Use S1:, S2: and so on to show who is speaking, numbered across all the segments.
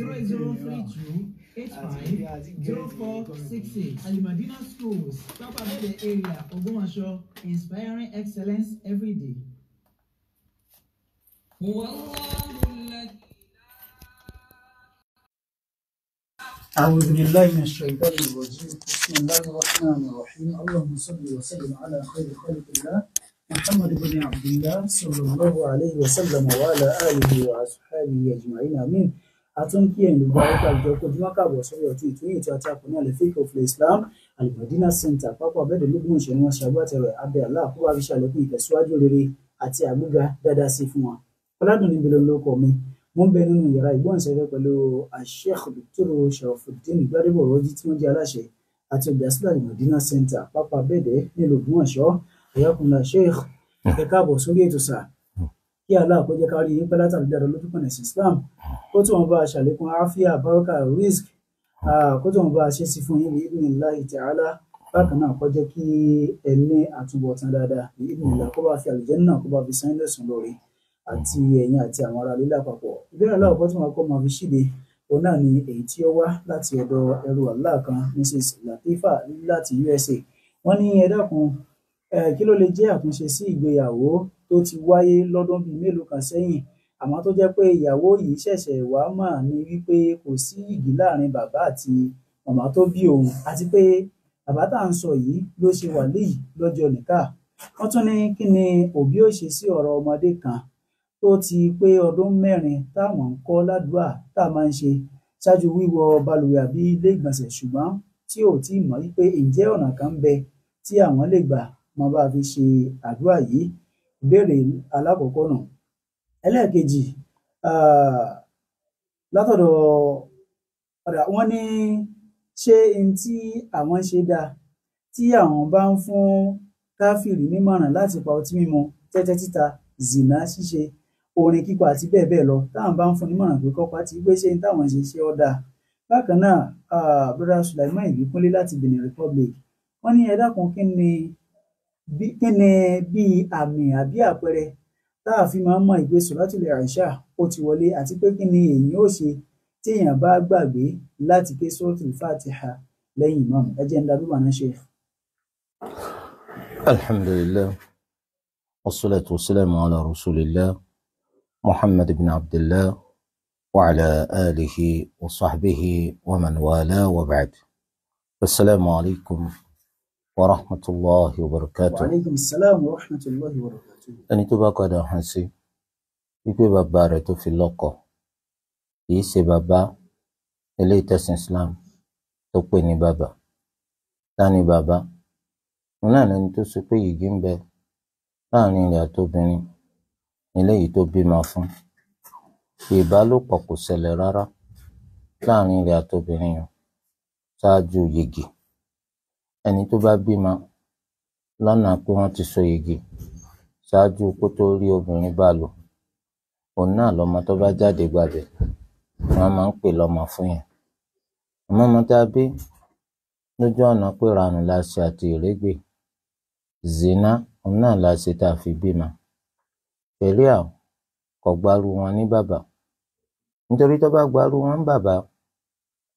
S1: 0032 85 Al Madina Schools, top about the area, Ogumasho, inspiring excellence every day. أعوذ بالله من الشيطان الرجيم بسم الله الرحمن الرحيم اللهم صل وسلم على خير خلق الله محمد بن عبد الله صلى الله عليه وسلم وعلى آله وأصحابه أجمعين آمين a tún kí ẹ̀yin gbogbo àwọn àjọ kojúmọ́ kàbọ̀ sórí ọtún ìtúyìn ètò àti àkóní àlefíkì òfin Islam Al-Madina Center pápá bẹ́ẹ̀ lógún ìṣẹ́ ni wọ́n ṣe agbátẹrù abẹ́ àlá àkóbá fi ṣàlékún ìtẹ̀síwájú rere àti àgbéga dáadáa sí fún wa ọ̀làdùn níbi lóko mi mo ń bẹ nínú yàrá ìgbóhùnsáfẹ́ pẹ̀lú Sheikh Dr. Sharafuddeen Gbadebo Rọ́jí tí wọ́n jẹ́ aláṣẹ àti olùdásílẹ̀ Al-Madina Center pápá bẹ́ẹ̀dẹ́ nílùú Ògbómọ̀ṣọ́ àyàkùnlá Sheikh ẹ káàbọ̀ sórí ètò sáà kí aláàkójẹ́ kárí yín pẹ́ látàrí dáadáa lójú kan ẹ̀sìn Islam kó tó wọn bá a ṣàlékún àáfíà bárọ́kà risk kó tó wọn bá a ṣe sí fún yín bíi láì tààlà bákan náà kó jẹ́ kí ẹ̀mí àtúbọ̀tán dáadáa bíi ìlà kó bá fi àlùjẹ́nà náà kó bá fi sáyẹ́ńdẹ̀ sùn lórí àti ẹ̀yìn àti àwọn ará lílé àpapọ̀ ìbéèrè aláwọ̀kọ́ tí wọn kọ́ máa fi ṣíde òun náà ni èyí tí ó wá láti ọ̀dọ̀ ẹrú Allah kan Mrs Latifa láti USA wọ́n ní ẹ dákun kí ló lè jẹ́ àtúnṣe sí ìgbéyàwó tó ti wáyé lọ́dún bíi mélòó kan sẹ́yìn àmọ́ tó jẹ́ pé ìyàwó yìí ṣẹ̀ṣẹ̀ wá mọ̀ ni wípé kò sí ìdí láàrin bàbá àti màmá tó bí òun àti pé bàbá tá à ń sọ yìí ló ṣe wàlí yìí lọ́jọ́ nìka wọ́n tún ní kí ni òbí ò ṣe sí ọ̀rọ̀ ọmọdé kan tó ti pé ọdún mẹ́rin táwọn ń kọ́ ládùúà tá a máa ń ṣe ṣáájú wíwọ balùwẹ̀ àbí ilé ìgbọ̀nsẹ̀ tí ò tí ì mọ̀ wípé ǹjẹ́ ọ̀nà kan ń bẹ tí àwọn lè gbà mọ bá fi ṣe àdúrà yìí ìbéèrè alákọ̀ọ́kọ́ náà ẹlẹ́ẹ̀kejì um látọ̀dọ̀ ọ̀dà wọ́n ní ṣé n tí àwọn ṣe dáa tí àwọn bá ń fún káfíìrì nímọ̀ràn láti pa ọtí mímu tẹ́tẹ́ títa zìnà ṣíṣe orin kíkọ àti bẹ́ẹ̀ bẹ́ẹ̀ lọ táwọn bá ń fún nímọ̀ràn pé kọ́pá ti gbé ṣé n táwọn ṣe ṣe ọ́ dáa bákan náà uh, ah, broda Sulaiman Ìbíkúnlé láti Benin Republic wọ́n ní ẹ dákun kí ni bí àmì àbí àpẹẹrẹ tá a fi máa ń mọ ìgbé sùlátùlẹ àìṣà ó ti wọlé àti pé kí ni èyí ó ṣe tí èèyàn bá gbàgbé láti ké suratul fatiha lẹ́yìn imam ẹ jẹ́ ń da bíbà náà ṣe.
S2: alhamdulillah wassalatu wassalamu ala rasulillah muhammad ibn abdullah wa ala alihi wa sahbihi wa man wala warahmatullahi wabarakatuh. waaleykum
S1: salaam wa rahmatulahi wa barakatuh.
S2: ẹni tó bá padà hàn sí wípé bàbá rẹ̀ tó fi lọ́kọ kìí ṣe bàbá eléyìí tẹ̀sìn islam tó pè ní bàbá tani bàbá wọn náà lẹni tó sọ pé yìgì ń bẹ láàrin rẹ̀ àtobìnrin eléyìí tó bímọ fún ìbálòpọ̀ kò ṣẹlẹ̀ rárá láàrin rẹ̀ àtobìnrin yẹn ṣáájú yìgì ẹni tó bá bímọ lọ́nà pé wọ́n ti so yìgì ṣáájú kó tó rí obìnrin bá lò òun náà lọmọ tó bá jáde gbàbẹ ni máa ń pè lọ́mọ fún yẹn àmọ́ ọmọ tá bí lójú ọ̀nà pé ranù la ṣe àti ìrégbè zina òun náà la ṣe tá a fi bímọ pẹ̀lú àwọn kò gbaru wọn ní bàbá nítorí tó bá gbaru wọn ní bàbá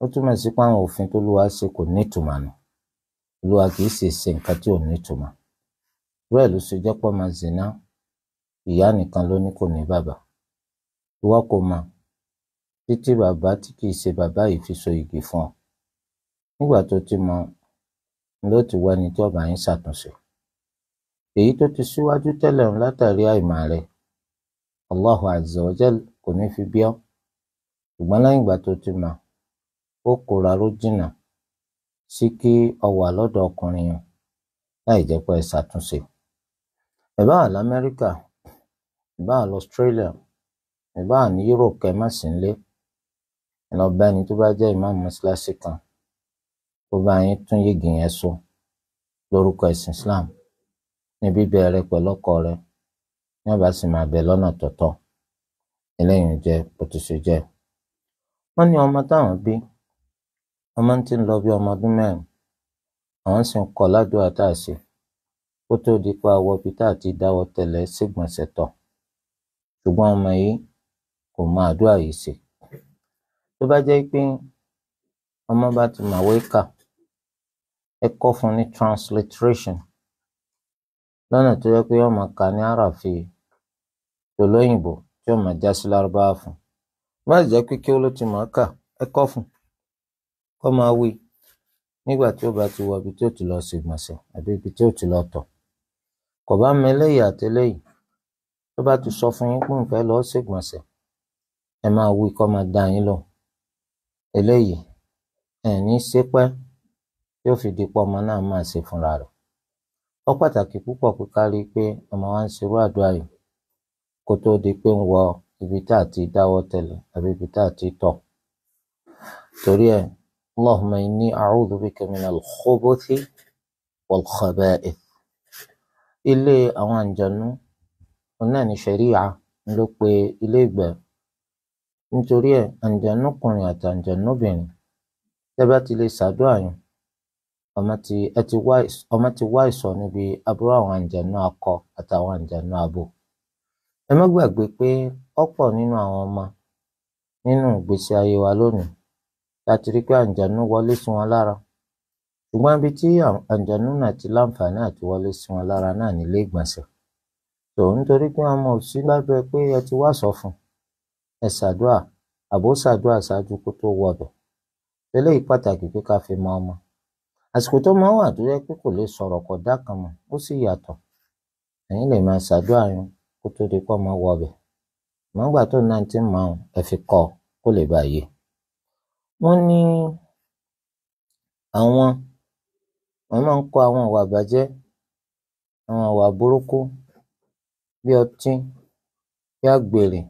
S2: ó túmọ̀ sí pé àwọn òfin tó lù wá ṣe kò nítumọ̀ nù olúwa kì í sì ṣe nǹkan tí ò ní ìtumọ̀ rẹ ló ṣe jẹ́pọ̀ máa zina ìyá nìkan ló ní kò ní bàbá ìwọ kò mọ̀ títí bàbá tí kì í ṣe bàbá yìí fi so igi fún ọ nígbà tó ti mọ̀ ló ti wá ẹni tí ọba yín ṣàtúnṣe èyí tó ti síwájú tẹ́lẹ̀ ń látàrí àìmọ̀ rẹ Allahu azza wa jal kò ní fi bí ọ ṣùgbọ́n lẹ́yìn ìgbà tó ti mọ̀ ó kóra ró jìnnà sí kí o wà lọ́dọ̀ ọkùnrin yẹn láì jẹ́ pé ẹ ṣàtúnṣe ẹ bá wà l'Amẹ́ríkà ẹ bá wà l'Australia Europe kẹ má sí nílé ẹ lọ bá ẹni tó bá jẹ́ ìmáàmù mọ́ṣáláṣí kan kó bá yín tún yìgì yẹn so lórúkọ ẹ̀sìn Islam ní bíbẹ̀ rẹ pẹ̀lú ọkọ rẹ ní ọba sì máa bẹ lọ́nà tọ̀tọ̀ eléyìí jẹ́ bó ti ṣe jẹ́ wọ́n ní ọmọ táwọn bí ọmọ ti ń lọ bíi ọmọ ọdún mẹ́rin àwọn sì ń kọ́ ládùúrà tá a ṣe kó tóó di pé a wọ ibi tá a ti dáwọ́ tẹ́lẹ̀ ṣègbọ̀nsẹ̀ tọ̀ ṣùgbọ́n ọmọ yìí kò mọ àdúrà yìí ṣe tó bá jẹ́ pé ọmọ bá ti màwé kà ẹ kọ́ fún ní transliteration lọ́nà tó yẹ pé ọmọ kà ní àràfi tòlóyìnbó tí ọmọ já sí lárúbáwá fún bá jẹ́ pé kí ó ló ti mọ̀ ọ́ kà ẹ kọ́ fún kó máa wí nígbà tí ó bá ti wọ ibi tí ó ti lọ ṣe ìgbọ̀nsẹ̀ àbí ibi tí ó ti lọ tọ̀ kò bá mọ eléyìí àti eléyìí tó bá ti sọ fún yín pé nǹkan lọ ṣe ìgbọ̀nsẹ̀ ẹ máa wí kó máa dá yín lọ eléyìí ẹ ní ṣépẹ́ tí fi di pọ́ ọmọ náà máa ṣe fúnra rẹ̀ ó pàtàkì púpọ̀ pé pé ọmọ wa ń ṣerú àdúrà yìí kó tóó di pé ń wọ ibi tá a dáwọ́ tẹ́lẹ̀ àbí ibi tá a tọ̀ torí ẹ̀ اللهم إني أعوذ بك من الخبث والخبائث ilé àwọn àǹjànú òun náà ní ṣẹ̀ríà ló pe ilé ìgbẹ́ nítorí ẹ̀ àǹjànúkùnrin àti àǹjànúbìnrin tẹ́ bá ti lè ṣàdúrà yín ọmọ ti wá ìsọ níbi aburú àwọn àǹjànú akọ àtàwọn àǹjànú abo ẹ má gbàgbé pé ọ̀pọ̀ nínú àwọn ọmọ nínú ìgbésí ayé wa lónìí láti rí pé àǹjànú wọlé sí wọn lára ṣùgbọ́n ibi tí àǹjànú náà ti láǹfààní àti wọlé sí wọn lára náà nílé ìgbọ̀nsẹ̀ tó nítorí pé ọmọ sí lábẹ́ pé ẹ ti wá sọ fún ẹ ṣàdúà àbó ṣàdúà ṣáájú kó tó wọbẹ̀ eléyìí pàtàkì pé fi mọ ọmọ àsìkò tó máa wà tó yẹ pé kò lè sọ̀rọ̀ kan mọ̀ ó sì yàtọ̀ lè máa ṣàdúà kó tó di wọbẹ̀ mọ́gbà tó náà ti wọn ní àwọn àwọn máa ń kó àwọn ìwà ìbàjẹ́ àwọn ìwà burúkú bíi ọtí bíi àgbèrè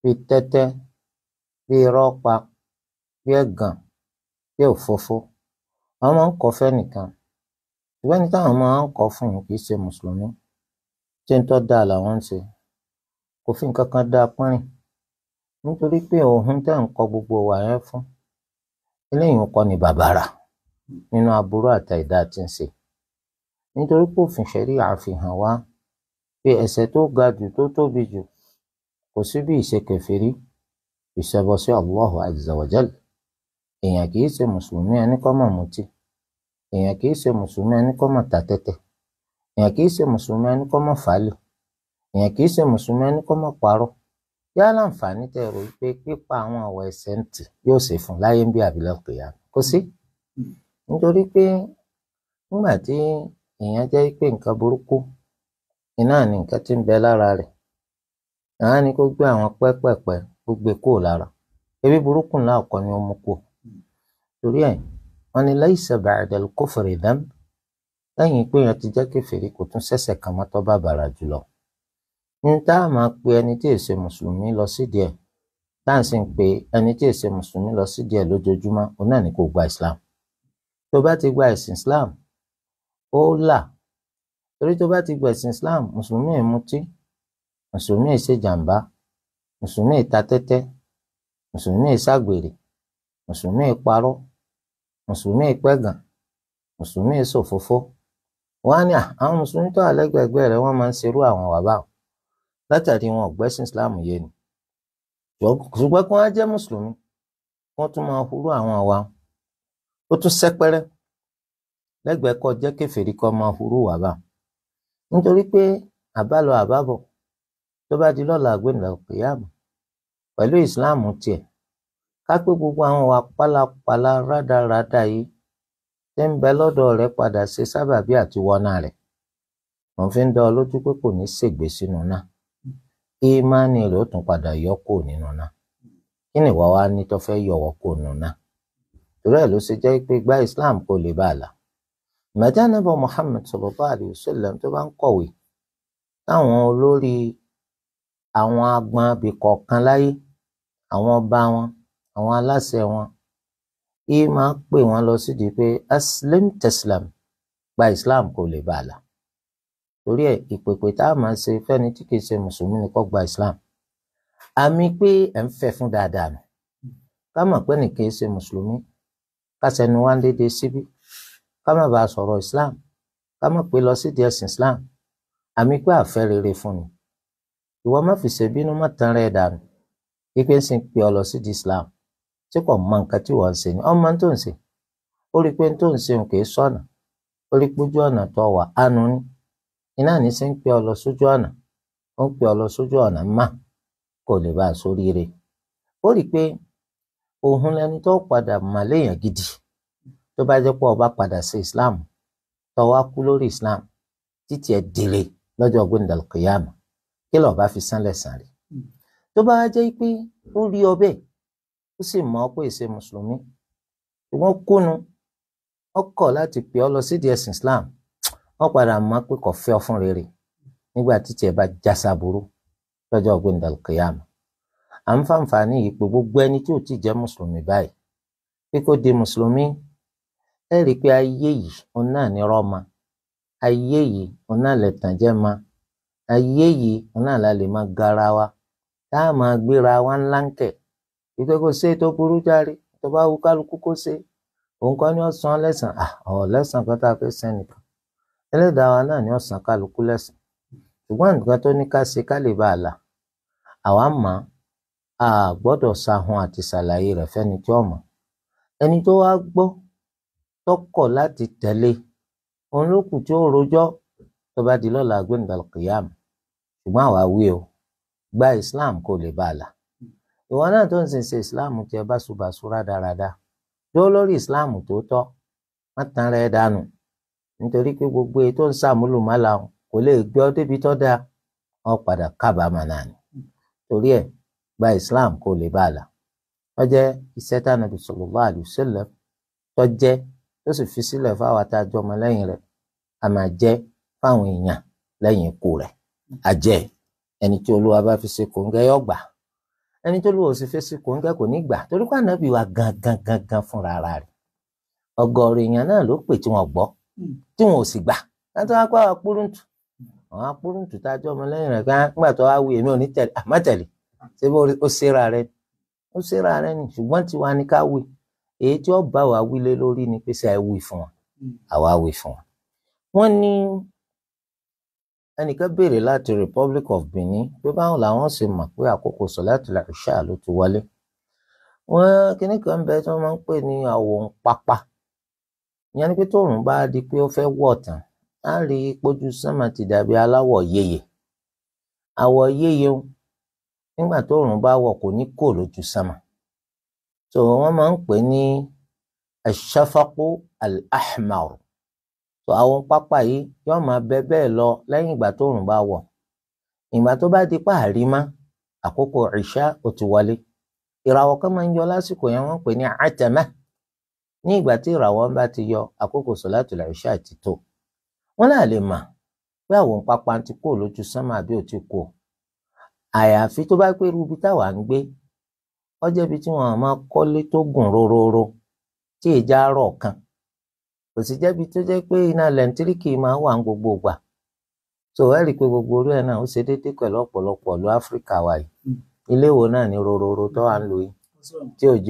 S2: bíi tẹ́tẹ́ bíi irọ́ pa bíi ẹ̀gàn bíi òfófó àwọn máa ń kọ́ fẹ́nìkan ṣùgbọ́n ẹni táwọn máa ń kọ́ fún un kì í ṣe mùsùlùmí ṣé n tó dáa làwọn ń ṣe kò fi dáa pọ́nrìn nítorí pé ohun tẹ́ ń kọ gbogbo wa yẹn fún eléyìí ń kọ́ ni bàbàrà nínú aburú àti àìdá tí ń ṣe nítorí pé òfin ṣẹ̀rí àfihàn wa pé ẹ̀ṣẹ̀ tó ga jù tó tóbi jù kò sí bí ìṣekèfèrí ìṣẹbọ sí Allahu èèyàn kì í ṣe mùsùlùmí ẹni mutí èèyàn kì í ṣe mùsùlùmí ẹni kọ́ èèyàn kì í ṣe mùsùlùmí ẹni fàálì èèyàn kì í ṣe mùsùlùmí ẹni parọ́ yá láǹfààní tẹ rò pé pípa àwọn ọ̀wọ̀ ẹ̀ṣẹ̀ ń tì yóò ṣe fún láyé ń bí àbílẹ̀ pè kó sí nítorí pé nígbà tí èèyàn jẹ́ pé nǹkan burúkú iná ni nǹkan ti ń bẹ lára rẹ̀ àwọn ni kó gbé àwọn pẹ́pẹ̀pẹ́ kó gbé ebi burúkú ni ó mú torí ẹ̀ wọ́n ní lẹ́yìn n tá a máa pe ẹni tí èsè mùsùlùmí lọ sídìí ẹ̀ tá à ń sì ń pe ẹni tí èsè mùsùlùmí lọ sídìí ẹ̀ lójoojúmọ́ òun náà ni kò gba islam tó bá ti gba ẹ̀sìn islam ó là torí tó bá ti gba ẹ̀sìn islam mùsùlùmí ì mutí mùsùlùmí ì ṣe jàǹbá mùsùlùmí ì ta tẹ́tẹ́ mùsùlùmí ì ṣàgbèrè mùsùlùmí ì parọ́ mùsùlùmí ì pẹ̀gàn mùsùlùmí ì ṣòfófó wọn á ní àwọn mùsùlùmí tó àlẹ́gbẹ̀ẹ́gbẹ́ rẹ̀ wọ́n máa ń ṣerú àwọn wàbáwọn látàrí wọn ò islam yé ni ṣùgbọ́n kí wọ́n á jẹ́ mùsùlùmí kí tún máa hurú àwọn wa ó tún sẹ́pẹ́rẹ́ lẹ́gbẹ̀ẹ́ kọ́ jẹ́ kèfèrí kọ́ máa hurú wà bá nítorí pé àbálọ àbábọ̀ tó bá di lọ́la àgbẹ̀nà òkèèyàn pẹ̀lú islam tiẹ̀ ká pé gbogbo àwọn wa pálapàla rádaràda yìí tí ń bẹ lọ́dọ̀ rẹ̀ padà ṣe sábàbí àti wọ́nà rẹ̀ òun fi ń dá ọ lójú pé kò ní í ṣègbè sínú náà ìmánì rẹ̀ ó tún padà yọ kó nínú náà kí ni ìwà wa ní tó fẹ́ yọwọ́ kó nínú náà torí ẹ̀ ló ṣe jẹ́ pé gba Islam kó lè bá a là mẹ́tẹ́ anábọ̀ Muhammad sallallahu alaihi wasallam tó bá ń kọ̀wé táwọn olórí àwọn agbọn abìkọ̀ kan láyé àwọn ọba wọn àwọn aláṣẹ wọn ìmọ̀ pè wọ́n lọ sídìí pé aslim teslam gba Islam kó lè bá a là torí ẹ̀ ìpèpè tá a máa ṣe fẹ́ni tí kìí ṣe mùsùlùmí ni kó gba islam àmì pé ẹ̀ ń fẹ́ fún dáadáa nù ká mọ̀ pé ní kìí ṣe mùsùlùmí ká sẹnu wá dédé síbí ká má bàa sọ̀rọ̀ islam ká mọ̀ pé lọ sídìí ẹ̀sìn islam àmì pé àfẹ́ rere fún ni ìwọ má fi ṣèbínú má tan rẹ̀ dànù pípé ń sin pé ọ lọ sídìí islam tí kò mọ nǹkan tí wọ́n ń ṣe ni ọmọ tó ń ṣe ó rí i pé tó ń ṣe òun kìí sọ̀nà ó rí i pójú ọ̀nà tó wà ánú ni. iná ní ṣe ń pè ọ lọ sójú ọ̀nà ó ń ọ lọ sójú ọ̀nà má kò lè bá a sóríire ó rí i pé òun lẹni tó padà mà léèyàn gidi tó bá jẹ́ pé ọba padà sí Islam tó wá kú lórí Islam títí ẹ̀ dèrè lọ́jọ́ gbẹ̀ndàlù kìyàmù kí lọ́ọ́ bá fi sánlẹ̀ sàn rí tó bá jẹ́ pé ó rí ọbẹ̀ ó sì pé ìṣe mùsùlùmí ọkọ̀ láti pè lọ Islam wọ́n padà mọ̀ pé kò fẹ́ ọ fún rere nígbà tí tiẹ̀ bá já sábúrú lọ́jọ́ ọ̀gbìndà kìyàmù à ń fàǹfààní yìí pé gbogbo ẹni tí ò ti jẹ́ mùsùlùmí báyìí pé kó di mùsùlùmí ẹ rí i pé ayé yìí òun náà ní rọ́ọ̀mà ayé yìí òun náà lè tàn jẹ́ ma ayé yìí òun náà la lè máa gara wa tá a máa gbéra wa ńlá ń kẹ̀ ìpè kò ṣe tó burú járe tó bá wù kálukú kó ṣe òun kọ́ ni ó san lẹ́sàn-án ọ̀ lẹ́sàn-án kan tá sẹ́nìkan ẹlẹ́dàá wa náà ni ó san kálukú lẹ́san ṣùgbọ́n nǹkan tó ní ká ṣe ká lè bá a là àwa mọ̀ á gbọ́dọ̀ sahun àti ṣàlàyé rẹ̀ fẹ́ni tí ó ẹni tó wá gbọ́ tọkọ̀ láti tẹ̀lé òun ló kù tí ó rojọ́ tó bá di lọ́la gbẹ̀ngàn kìyàm ṣùgbọ́n àwa wí o gba Islam kó lè bá a là ìwọ náà tó ń sìn ṣe Islam tí ẹ bá ṣubàṣu rádaràda dúró lórí Islam tó tọ́ má tan ara ẹ nítorí pé gbogbo ètò ń sàmúlò mọ́là kò lè gbé ọ débi tó dáa ọ padà kábàámà náà ni torí ẹ gba Islam kó lè bá a là ó jẹ́ iṣẹ́ tí Ànábì sallallahu alaihi wasallam tó jẹ́ tó sì fi sílẹ̀ fáwọn àtàjọ ọmọ lẹ́yìn rẹ̀ a máa jẹ́ fáwọn èèyàn lẹ́yìn ikú rẹ̀ àjẹ́ ẹni tí Olúwa bá fi ṣe kòńgẹ́ yọ gbà ẹni tó lùwọ̀ sí fi ṣe kòńgẹ́ kò ní gbà torí pé Ànábì wa gangan gangan fúnra rẹ̀ ọgọ́rin èèyàn náà ló pè tí wọ́n gbọ́ tí wọn ò sì gbà látọ̀ wá pa àpòrúntù àwọn àpòrúntù tá a jọ ọmọ lẹ́yìn rẹ̀ kan ah, nígbà tó wá wí èmi ò ní tẹ̀lé àmọ́tẹ̀lé ah, ṣé bó o ṣera rẹ ó ṣera rẹ ni ṣùgbọ́n tiwa ni ká wí èyí tí ó bá wa wílé lórí ni pé ṣe wí fún wọn àwa wí fún wọn. wọ́n ní ẹnìkan béèrè láti Republic of Benin pé báwọn làwọn ṣe mọ̀ pé àkókò sọ̀láàtì ìṣáà ló ti wọlé wọ́n kíní kan bẹ tí wọ́n máa ń pè ní àwòǹpapa ìyẹn ni pé tóòrùn bá di pé ó fẹ́ wọ̀ tán á rí i pójú sánmà ti dàbí aláwọ̀ yeye àwọ̀ yeye o nígbà tóòrùn bá wọ̀ kò ní kò lójú sánmà tó wọ́n máa ń pè ní ash al-ahmar tó àwọn pápá yìí yóò máa bẹ bẹ́ẹ̀ lọ lẹ́yìn ìgbà tóòrùn bá wọ̀ ìgbà tó bá di páàrí má àkókò ìṣá ó ti wọlé ìràwọ̀ kan máa ń yọ lásìkò yẹn wọ́n pè ní àtẹ̀mẹ́ ní ìgbà tí ìràwọ̀ bá ti yọ àkókò sọ̀látùl ìṣà ti tó Wọn náà lè mà pé àwọn pápá ti kó lójú sánmà bí ò ti kó àyàfi tó bá pé rubi táwa ń gbé ọjọ́ ibi tí wọ́n máa kọ́lé tó gùn rororo tí ìjà rọ̀ kan kò jẹ́bi tó jẹ́ pé iná lẹ́ńtíríkì máa ń gbogbo gbogbo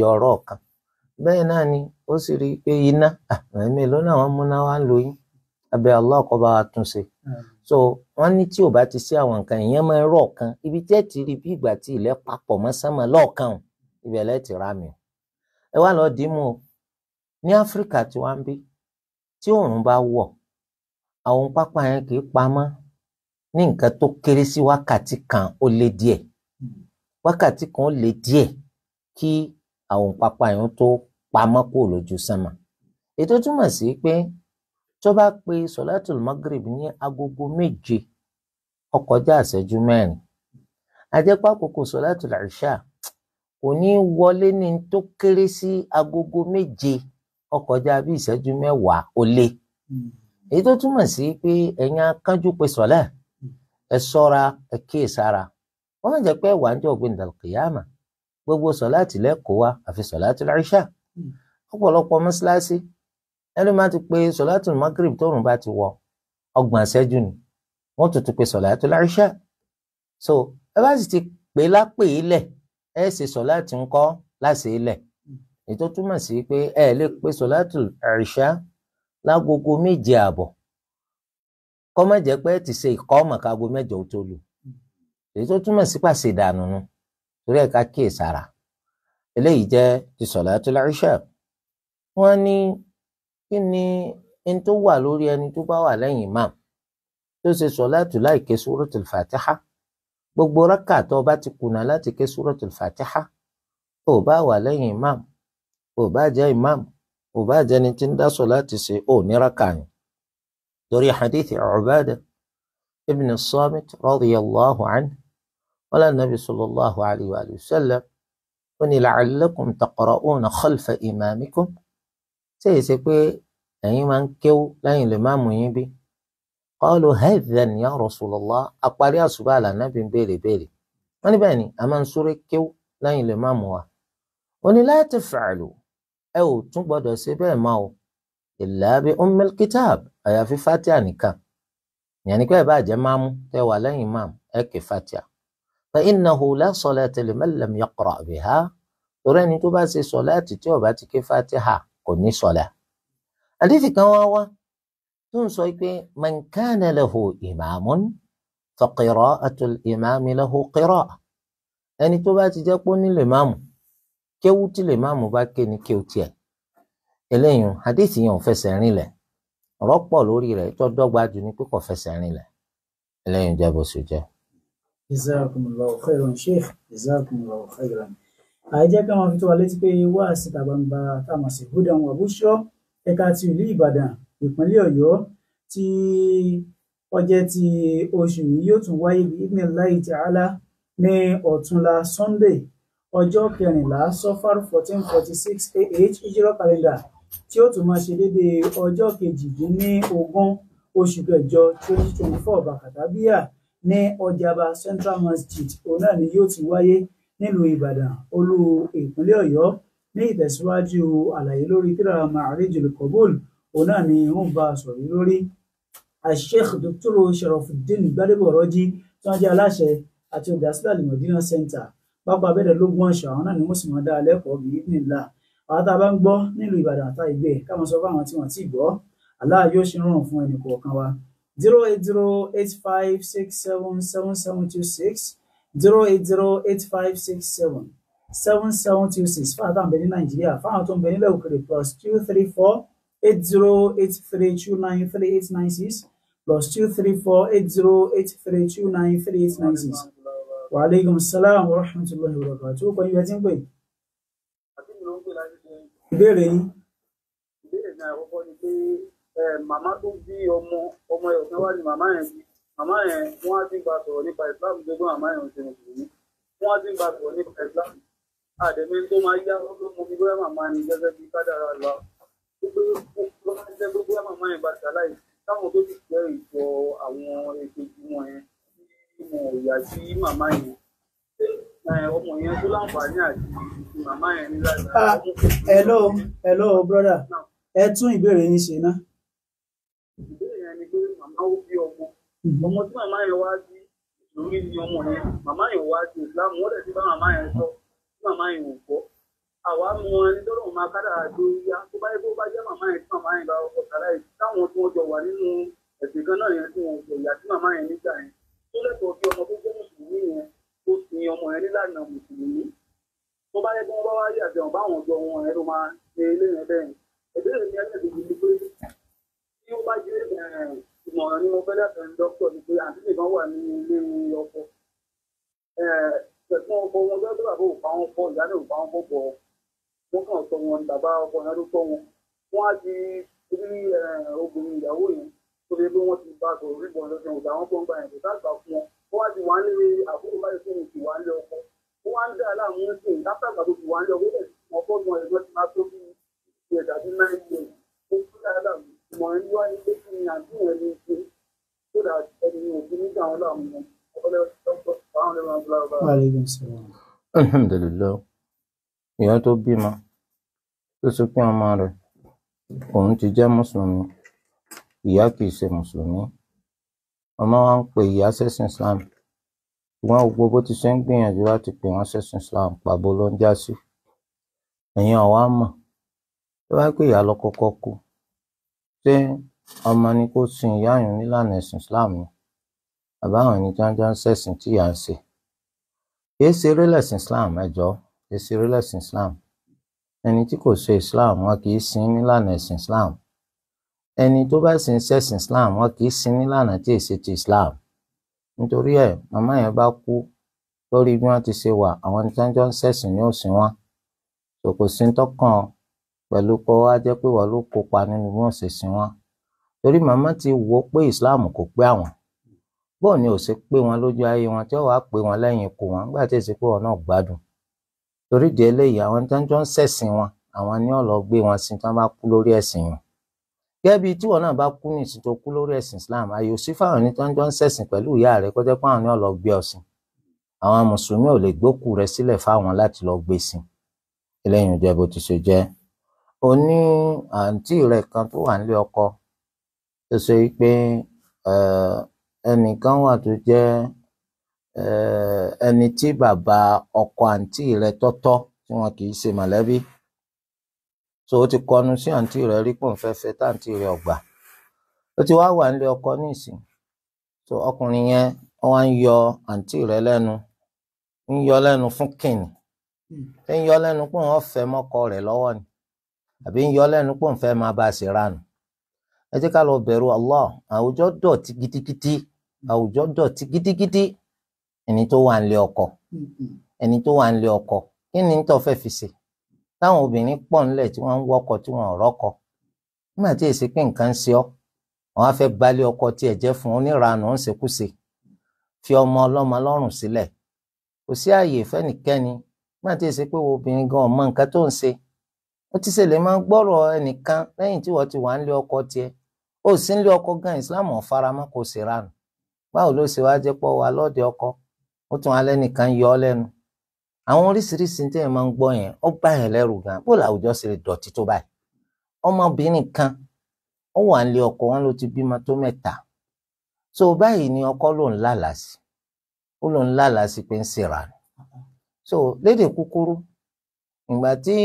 S2: orí bẹ́ẹ̀ náà ni ó sì rí i pé iná ẹ̀mí ló náà wọ́n múná wá lo yín abẹ́ Allah kó bá wa tún ṣe so wọ́n ní tí ò bá ti sí àwọn nǹkan ìyẹn máa ń rọ̀ kan ibi tẹ́ ti rí bí ìgbà tí ilẹ̀ papọ̀ mọ́ sánmọ́ lọ́ọ̀kan ibẹ̀ lẹ́ ti rà mí ẹ wá lọ́ọ́ dìímù o ní Áfíríkà tí wọ́n ń bí tí oòrùn bá wọ̀ àwọn pápá yẹn kì í pamọ́ ní nǹkan tó kéré sí wákàtí kan ó lé díẹ̀ wákàtí kan ó lé díẹ̀ kí àwọn pápá yẹn tó pamọ́ kúrò lójú sánmà ètò túmọ̀ sí pé tó bá pe sọ̀látùl magrib ní agogo méje ó kọjá ìṣẹ́jú mẹ́rin àjẹpá kòkò sọ̀látùl ìṣà kò ní wọlé ní tó kéré sí agogo méje ó kọjá bí ìṣẹ́jú mẹ́wàá ó lé èyí tó túmọ̀ sí pé ẹ̀yin akánjú pe sọ̀lá ẹ ṣọ́ra ẹ kíyèsára wọ́n má jẹ́ pé ẹ̀wà ń jọ ògbìn dàlùkìyàmà gbogbo sọ̀láàtì lẹ́kọ̀ọ́ wa àfi sọ̀láàtì láìṣà ọ̀pọ̀lọpọ̀ mọ́ṣáláṣí ẹni máa ti pe sọ̀láàtì magrib tóòrùn bá ti wọ̀ ọgbọ̀n ṣẹ́jú ni wọ́n tuntun pe sọ̀láàtì láìṣà so ẹ bá sì ti pè é lápè é lẹ̀ ẹ ṣe sọ̀láàtì ńkọ́ láṣẹ é ètò túmọ̀ sí pé ẹ lè pe sọ̀láàtì láìṣà lágogo méje àbọ̀ kọ́mọ̀jẹ́ pé ti ṣe ìkọ́ ọmọ kágo mẹ́jọ tó lù èyí túmọ̀ sí pàṣẹ ìdànù nu. No torí ẹ̀ka kíyèsára eléyìí jẹ́ ti sọ̀látul ìṣà wọ́n ní kí ni ẹni tó wà lórí ẹni tó bá wà lẹ́yìn imam tó ṣe sọ̀látù láì ké súrọ̀tù fàtíhà gbogbo rákà tó bá ti kùnà láti ké súrọ̀tù fàtíhà ò bá wà lẹ́yìn imam ò bá jẹ́ imam ò bá jẹni tí ń dá sọ̀látù ṣe ò ní rákà yẹn torí hadith Ubadah ibn as-Samit radiyallahu wọn lànà nàbì sallallahu alayhi wa sallam ó ní la'allakum taqra'una khalfa imamikum ṣé èsì pé ẹ̀yin máa ń kéwú lẹ́yìn lè má mú yín bí qalu hadhan ya rasulallah àparí àṣùbà lànà bí ń béèrè béèrè wọn ní bẹ́ẹ̀ ni a máa ń súré kéwú lẹ́yìn lè má mú wa ó ní la taf'alu ẹ ò tún gbọ́dọ̀ ṣe bẹ́ẹ̀ máa o illa bi ummil kitab àyàfi fatia nìkan ìyẹn ni pé ẹ bá jẹ́ máàmú tẹ wà lẹ́yìn máàmú ẹ ké fatia fa innahu la salata liman lam yaqra biha torí ẹni tó bá ṣe sọláàtì tí ó bá ti ké fatiha kò ní sọlá àdìsí kan wá wá tó ń sọ pé man kana lahu imamun fa qira'atul imami lahu qira'a ẹni tó bá ti jẹ́ pé ó ní lèmáàmù kéwú tí lèmáàmù bá ké ní kéwú tiẹ̀ eléyìí àdìsí yẹn ò fẹsẹ̀ rinlẹ̀ rọ́pọ̀ lórí rẹ̀ tó dọ́gba jù ní pé kò fẹsẹ̀ rinlẹ̀ eléyìí jẹ́ bó ṣe jẹ́
S1: jazakumullahu khairan sheikh jazakumullahu khairan àìjẹ́ pé wọ́n fi tó wa létí pé wá síta gbangba táwọn sì húdà wọn àbúṣọ ẹ̀ka ti ìlú ìbàdàn ìpínlẹ̀ ọ̀yọ́ tí ọjẹ́ ti oṣù yìí yóò tún wáyé ibn lai ta'ala ní ọ̀túnla sunday ọjọ́ kẹrìnlá sọ́fàr fourteen forty six ah ìjírọ̀ kàlẹ́ndà tí ó tún máa ṣe déédéé ọjọ́ kejìdínlógún oṣù kẹjọ twenty twenty four bàkàtà bíyà ní ọjàba central masjid òun náà ni yóò ti wáyé nílùú ìbàdàn olú ìpínlẹ̀ ọ̀yọ́ ní ìtẹ̀síwájú àlàyé lórí tírà ma'arijul qabul òun náà ni wọ́n bá a sọ̀rọ̀ lórí asheikh dr sharafuddin gbadebo ọrọjí tí wọ́n jẹ́ aláṣẹ àti olùdásílẹ̀ alimọdínà center pápá abẹdẹ lógún ọṣà àwọn náà ni wọ́n sì máa dá a lẹ́kọ̀ọ́ bíi nílà àwọn tá a bá ń gbọ́ nílùú ìbàdàn àtàgbẹ káwọn sọ fún àwọn tí wọ́n ti gbọ́ aláà yóò ṣe rọrùn fún ẹnì kọ̀ọ̀kan wa zero eight zero eight five six seven seven seven two six zero eight zero eight five six seven seven seven two six fáwọn tó ń bẹ ní nàìjíríà fáwọn tó ń bẹ nílẹ̀ òkèrè plus two three four eight zero eight three two nine three eight nine six plus two three four eight zero eight three two nine three eight nine six. wa aleykum salaam wa rahmatulahi wa barakatuh ó kọ́ ibi ẹtí ń pè. ìbéèrè yín.
S3: ìbéèrè náà àkọ́kọ́ ni pé. Eh, màmá tó bí ọmọ ọmọ ẹ̀ ọ̀kan wá ní màmá yẹn bí màmá yẹn wọ́n á ti gba sọ̀rọ̀ nípa Islam gbogbo màmá yẹn ò ṣe mùsùlùmí wọ́n á ti gba sọ̀rọ̀ nípa Islam àdèmí tó máa yá ọdún mo fi bóyá màmá ni gẹ́gẹ́ bí kádàrá lọ gbogbo gbogbo màmá yẹn bá ṣàlàyé táwọn tó ti jẹ́ ìjọ àwọn èkejì wọn yẹn tí mo yà sí màmá yẹn eh, ọmọ yẹn tó láǹfààní àti màmá yẹn ní láti. Ah,
S1: hello hello brother ẹ tún ìbéèrè yín ṣe náà
S3: náwó bí ọmọ mhm. ọmọ tí màmá yẹn wá sí lórí ni ọmọ yẹn màmá yẹn wá sí islam wọ́n dẹ̀ ti bá màmá yẹn sọ tí màmá yẹn ò gbọ́ àwa mọ ẹni tó lọ́wọ́ máa kádà àjò yá tó bá yẹ kó bá jẹ́ màmá yẹn tí màmá yẹn bá ọkọ̀ sára yìí táwọn tí wọ́n jọ wà nínú ẹ̀sìn kan náà yẹn tí wọ́n jọ ìyá tí màmá yẹn nígbà yẹn tó lẹ́tọ̀ọ́ kí ọmọ tó jẹ́ mùsùlùmí yẹn tó sin ọmọ yẹn nílànà mùsùlùmí tó bá yẹ kí wọ́n bá wá yà jẹun báwọn ọjọ́ wọn ẹ̀rọ máa ṣe eléyìn bẹ́ẹ̀ ẹ̀dẹ́rẹ̀ ni ẹlẹ́dẹ̀ẹ́ ìmọ̀ràn ni mo fẹ́ láti ẹni dọ́kítọ̀ ni pé àǹtí nìkan wà ní ilé ọkọ ẹ̀sùn ọkọ wọn gbọ́dọ̀ bàbá òpá wọn fọ ìyá náà òpá wọn fọ bọ̀ wọn kàn sọ wọn bàbá ọkọ yẹn ló tọ́ wọn wọn á di rí obìnrin ìyàwó yẹn tó lè pé wọn ti bá sọ̀rọ̀ rí bọ̀ lọ́sẹ̀ ọ̀gá wọn fọ́n gba ẹ̀ kò sáàgbà fún wọn wọn á di wà nílé àbúrò báyìí fún ìtì wà nílé ọkọ wọn á ń dá aláàmú sí i látàgbà tó ti wà nílé ọkọ wọn fọ́n ẹ̀gbọ́n ti máa tó bí ẹ̀dà bí náírà mọ̀ ń wá ilé fún mi àti ìyẹn ní ṣe so that ẹni mi ò fi nígbà wọn là mọ ọpọlọ dọkítọ báwọn lè máa bla bla.
S2: alhamdulilayi ìyá tó bímọ tó sọ pé ọmọ rẹ̀ òun ti jẹ́ mùsùlùmí ìyá kì í ṣe mùsùlùmí ọmọ wa ń pe ìyá ṣẹ̀sìn islam wọn gbogbo ti ṣe ń gbìyànjú láti pè wọn ṣẹ̀sìn islam pàbó ló ń já sí ẹ̀yin ọwọ àmọ́ tó bá pè ìyá lọ kú ṣé ọmọ ni kó sin ìyá yẹn nílànà ẹ̀sìn Islam ni àbáwọn ẹni tí wọ́n jọ ń ṣẹ̀sìn tí ìyá ń ṣe kìí ṣe rélẹ̀sìn Islam ẹjọ́ kìí ṣe rélẹ̀sìn Islam ẹni tí kò ṣe Islam wọn kìí sin nílànà ẹ̀sìn Islam ẹni tó bá sì ń Islam wọn kìí sin nílànà tí èsì ti Islam nítorí ẹ màmá yẹn bá kú lórí bí wọ́n ti ṣe wà àwọn ẹni tí wọ́n jọ ń ṣẹ̀sìn ni ó sin wọn kò sí ń tọ́kàn pẹ̀lú pé wá jẹ́ pé wọ́n ló kópa nínú bí wọ́n ṣe sin wọ́n torí màmá ti wò ó pé Islam kò pé àwọn bọ́ọ̀ ni ò ṣe pé wọn lójú ayé wọn tí wọ́n á pé wọn lẹ́yìn ikú wọn nígbà tí èsì pé wọn náà gbádùn torí di eléyìí àwọn tí wọ́n jọ ń ṣẹ̀sìn wọn àwọn ni wọ́n gbé wọn sin tí wọ́n bá kú lórí ẹ̀sìn wọn gẹ́gẹ́ bíi tí wọn náà bá kú ní ìsìn tó kú lórí ẹ̀sìn Islam ayò sí fáwọn ní tí wọ́n jọ ń ṣẹ̀sìn pẹ̀lú ìyá rẹ̀ kó jẹ́ pé àwọn ni wọ́n lọ gbé ọ sin àwọn mùsùlùmí ò lè gbókù rẹ̀ sílẹ̀ fáwọn láti lọ gbé e sin eléyìí ò jẹ́ bó ti ṣe jẹ́ ó ní àǹtí rẹ̀ kan tó wà nílé ọkọ tó ṣe pé ẹnìkan wà tó jẹ́ ẹni tí bàbá ọkọ àǹtí rẹ̀ tọ́tọ́ tí wọn kì í ṣe mọ̀lẹ́bí so ó ti kọnu sí àǹtí rẹ̀ rí pọ̀ nfẹ́fẹ́ táǹtí rẹ̀ ọ̀gbà ó ti wá wà nílé ọkọ ní ìsìn so ọkùnrin yẹn wọn wá ń yọ àǹtí rẹ̀ lẹ́nu ń yọ lẹ́nu fún kìnnì hmm. ń yọ lẹ́nu pé wọ́n fẹ́ mọ́kọ rẹ̀ lọ́wọ́ ni àbí ń yọ lẹ́nu pọ̀ ń fẹ́ máa bá a ṣe ránu ẹ jẹ́ ká lọ bẹ̀rù Allah àwùjọ dọ̀tí gidigidi àwùjọ dọ̀tí gidigidi ẹni tó wà nílé ọkọ ẹni tó wà nílé ọkọ kí ni tó fẹ́ fi ṣe táwọn obìnrin pọ̀ ńlẹ̀ tí wọ́n ń wọ́kọ tí wọ́n rọ́kọ nígbà tí èsì pé nǹkan ń ṣe ọ́ wọ́n á fẹ́ balẹ̀ ọkọ tiẹ̀ jẹ́ fún oníranù ń ṣekúṣe fi ọmọ ọlọ́mọ lọ́rùn sílẹ̀ kò sí ààyè fẹ́nikẹ́ni nígbà tí èsì pé obìnrin gan ọmọ nǹkan tó ń ṣe ó ti ṣe lè máa gbọ́rọ̀ ẹnìkan lẹ́yìn tí wọ́n ti wà ń lé ọkọ tiẹ̀ ó sì ń lé ọkọ gan islam ọ̀faramọ́ kò sì ranù báwo ló ṣe wáá jẹ́ pọ́ wa lọ́ọ̀dẹ ọkọ ó tún alẹ́ nìkan yọ ọ́ lẹ́nu àwọn oríṣiríṣi tí ẹ máa ń gbọ́ yẹn ó bá yẹn lẹ́rù gan bó làwùjọ ṣe lè dọ̀tí tó báyìí ọmọbìnrin kan ó wà ń lé ọkọ wọn ló ti bímọ tó mẹ́ta so báyìí ni ọkọ ló ń lálàá sí ó ló ń lálàá sí pé ń ṣèrànù so lédè kúkúrú ìgbà tí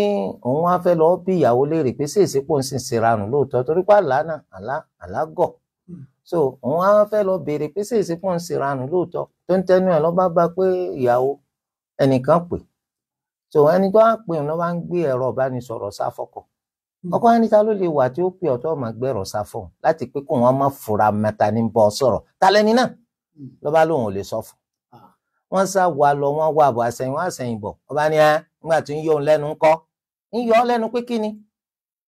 S2: òun wá fẹ́ lọ bí ìyàwó léèrè pé ṣèṣe pò ń sìn ṣèrànù lóòótọ́ torí pé àlá náà àlá àlá gọ̀ hmm. so òun wá fẹ́ lọ béèrè pé ṣèṣe pò ń ṣèrànù lóòótọ́ tó ń tẹnu ẹ̀ lọ́ba bá pé ìyàwó ẹnìkan pè so ẹni tó á pè ń lọ́ bá ń gbé ẹ̀rọ ìbánisọ̀rọ̀ sáfọ́kọ̀ hmm. ọkọ ẹni ta ló lè wà tí ó pè ọ̀tọ́ ọ̀mà gbẹ̀rọ̀ sáfọ́ láti pé kó wọn má fura mẹ́ta wọ́n sá wa lọ wọ́n wà bọ̀ àsẹ̀yìn wọ́n àsẹ̀yìn bọ̀ ọba ni ẹ́ nígbà tí ń yọ òun lẹ́nu ńkọ́ ń yọ ọ́ lẹ́nu pé kí ni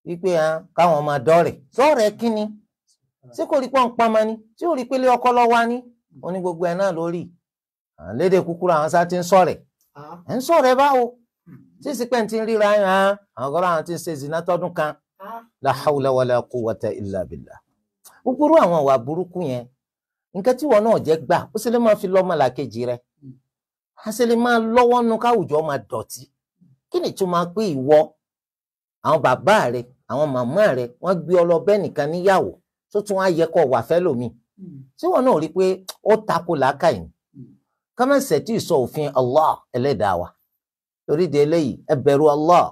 S2: wípé ẹ ah, káwọn máa dọ́rẹ̀ sọ́ọ̀rẹ́ kí ni ṣé kò rí pọ́n pamọ́ ni tí ò rí pélé ọkọ lọ́wọ́ ni ó ní gbogbo ẹ̀ náà lórí lédè kúkúrú àwọn sá ti ń sọ̀rẹ̀ ẹ̀ ń sọ̀rẹ̀ báwo tí sípẹ́ ti ń ríra ẹ̀ hàn ah, àwọn ọ̀rọ̀ àwọn ti ń ṣe zina tọdún kan la hawla wala quwwata illa billah gbogbo àwọn ìwà burúkú yẹn nǹkan tí wọn náà jẹ́ gbà ó sì lè máa fi lọ́mọ làkejì rẹ̀ a sì lè máa lọ́wọ́ nu káwùjọ máa dọ̀tí kí ni tó máa pé ìwọ àwọn bàbá rẹ àwọn màmá rẹ wọ́n gbé ọlọbẹ nìkan níyàwó tó tún á yẹ kó wà fẹ́ lómi tí hmm. wọn náà rí i pé ó tako làákàyè hmm. kọ́mẹ́sẹ̀ tí sọ òfin Allah ẹlẹ́dàá wa torí de eléyìí ẹ bẹ̀rù Allah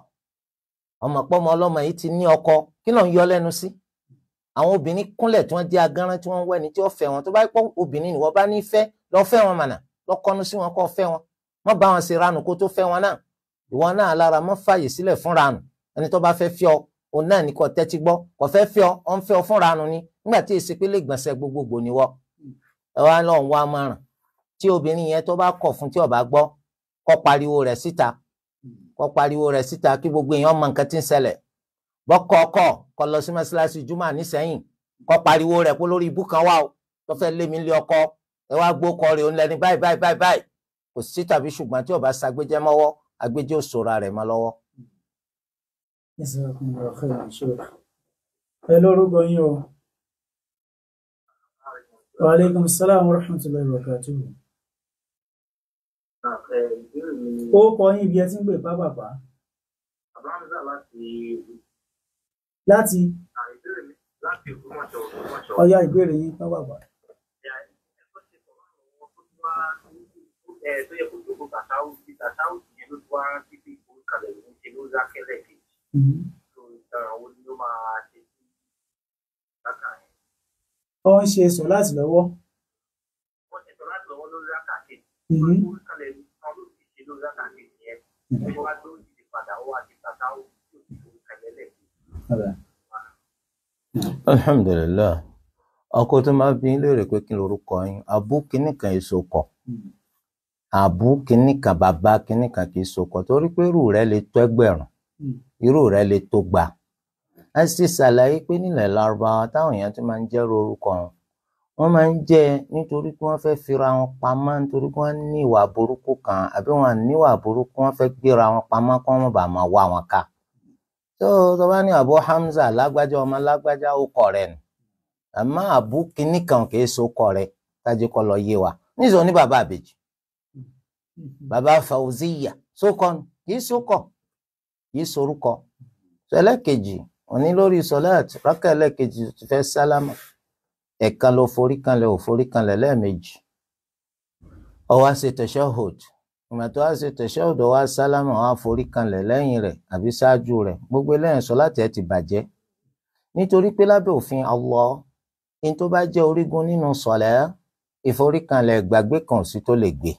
S2: ọmọ pọ́mọ ọlọ́mọ yìí ti ní ọkọ kí ló ń yọ lẹ́nu sí àwọn obìnrin kúnlẹ̀ tí wọ́n jẹ́ agánrán tí wọ́n wẹ́ni tí wọ́n fẹ́ wọn tó bá pọ́ obìnrin ni wọ́n bá ní fẹ́ lọ fẹ́ wọn mànà lọ́kọ́nu sí wọn kọ́ fẹ́ wọn má bá wọn ṣe ranù kó tó fẹ́ wọn náà ìwọ náà lára má fàyè sílẹ̀ fún ranù ẹni tó bá fẹ́ fi ọ òun náà ní kò tẹ́tí gbọ́ kò fẹ́ fi ọ ọ ń fẹ́ ọ fún ranù ni nígbà tí èsì pé lè gbọ̀nsẹ̀ gbogbogbò ni wọ́ ẹ wá lọ ń wá márùn tí obìnrin yẹn tó bá kọ̀ fún tí ó bá gbọ́ kó pariwo rẹ̀ síta kó pariwo rẹ̀ síta kí gbogbo èèyàn mọ nǹkan tí ń ṣẹlẹ̀ bọ́kọ̀ ọkọ̀ kó lọ sí mọ́ṣáláṣí júmọ̀ nísẹ́yìn kó pariwo rẹ̀ pé lórí ibú wà ó tó fẹ́ lé mi lé ọkọ ẹ wá gbó kọrí òun lẹni báyìí báyìí báyìí báyìí kò sí tàbí ṣùgbọ́n tí ó bá ṣàgbéjẹ mọ́wọ́ agbéjẹ òṣòra rẹ̀ mọ́ lọ́wọ́.
S1: ẹ lórúkọ yín o waaleykum salaam wa rahmatulahi wa barakatuhu. ó kọ yín ibi ẹ ti ń pè pápápá. láti. ọ̀ya ìbéèrè yín pápápá.
S3: Eh, tó yẹ kó jókòó tàtàwù sí tàtàwù sí yẹn ló ti wá títí ìforúkalẹ̀ ló ń ṣe ló rá kẹ́lẹ̀ kejì.
S4: tó mm-hmm. ìtàn àwọn ni ó máa ṣe sí
S1: rákà yẹn. ó ń ṣe sọ láti lọ́wọ́. wọ́n ṣe sọ láti lọ́wọ́ lórí rákà kejì. ìforúkalẹ̀
S3: kan ló ti ṣe lórí rákà kejì yẹn. ó mm-hmm. wá tó ìdí padà ó wá ti tàtàwù sí ìforúkalẹ̀ lẹ́ẹ̀kejì.
S2: alhamdulilayi ọkọ tó máa bí lérè pé kí lorúkọ yín abú kínní kan èso kọ àbú kínní kan bàbá kínní kan kì í sokọ torí pé irú rẹ̀ lè tó ẹgbẹ̀rún hmm. irú rẹ̀ lè tó gbà á sì ṣàlàyé pé nílẹ̀ Lárúbáwá táwọn èèyàn ti máa ń jẹ́rú orúkọ wọn wọ́n máa ń jẹ́ nítorí pé wọ́n fẹ́ẹ́ fira wọn pamọ́ nítorí pé wọ́n ní ìwà burúkú kan àbí wọ́n ní ìwà burúkú wọ́n fẹ́ẹ́ gbéra wọn pamọ́ kí wọ́n bàa máa wá wọn ká tó tó bá ní Abu Hamza lágbájá ọmọ lágbájá ó kọ rẹ̀ nù àmọ́ àbú kínní kan kì í so kọ rẹ̀ tájú kọ lọ yé wa níṣó ní bàbá àbèjì Mm-hmm. baba Fauziya sókọ kì í sókọ kì í sorúkọ ẹlẹ́kejì òní lórí sọláàt rákà ẹlẹ́kejì ti fẹ́ sálámà ẹ̀kan ló forí kanlẹ̀ ò forí kanlẹ̀ lẹ́ẹ̀mejì ó wá ṣe tashahhud ìgbà tó wá ṣe tashahhud ó wá sálámà ó wá forí kanlẹ̀ lẹ́yìn rẹ̀ àbí ṣáájú rẹ̀ gbogbo ẹlẹ́yìn sọláàt ẹ̀ ti bàjẹ́ nítorí pé lábẹ́ òfin Allah in tó bá jẹ́ orígun nínú sọ̀lẹ́ ìforíkanlẹ̀ gbàgbé kan sí tó lè gbé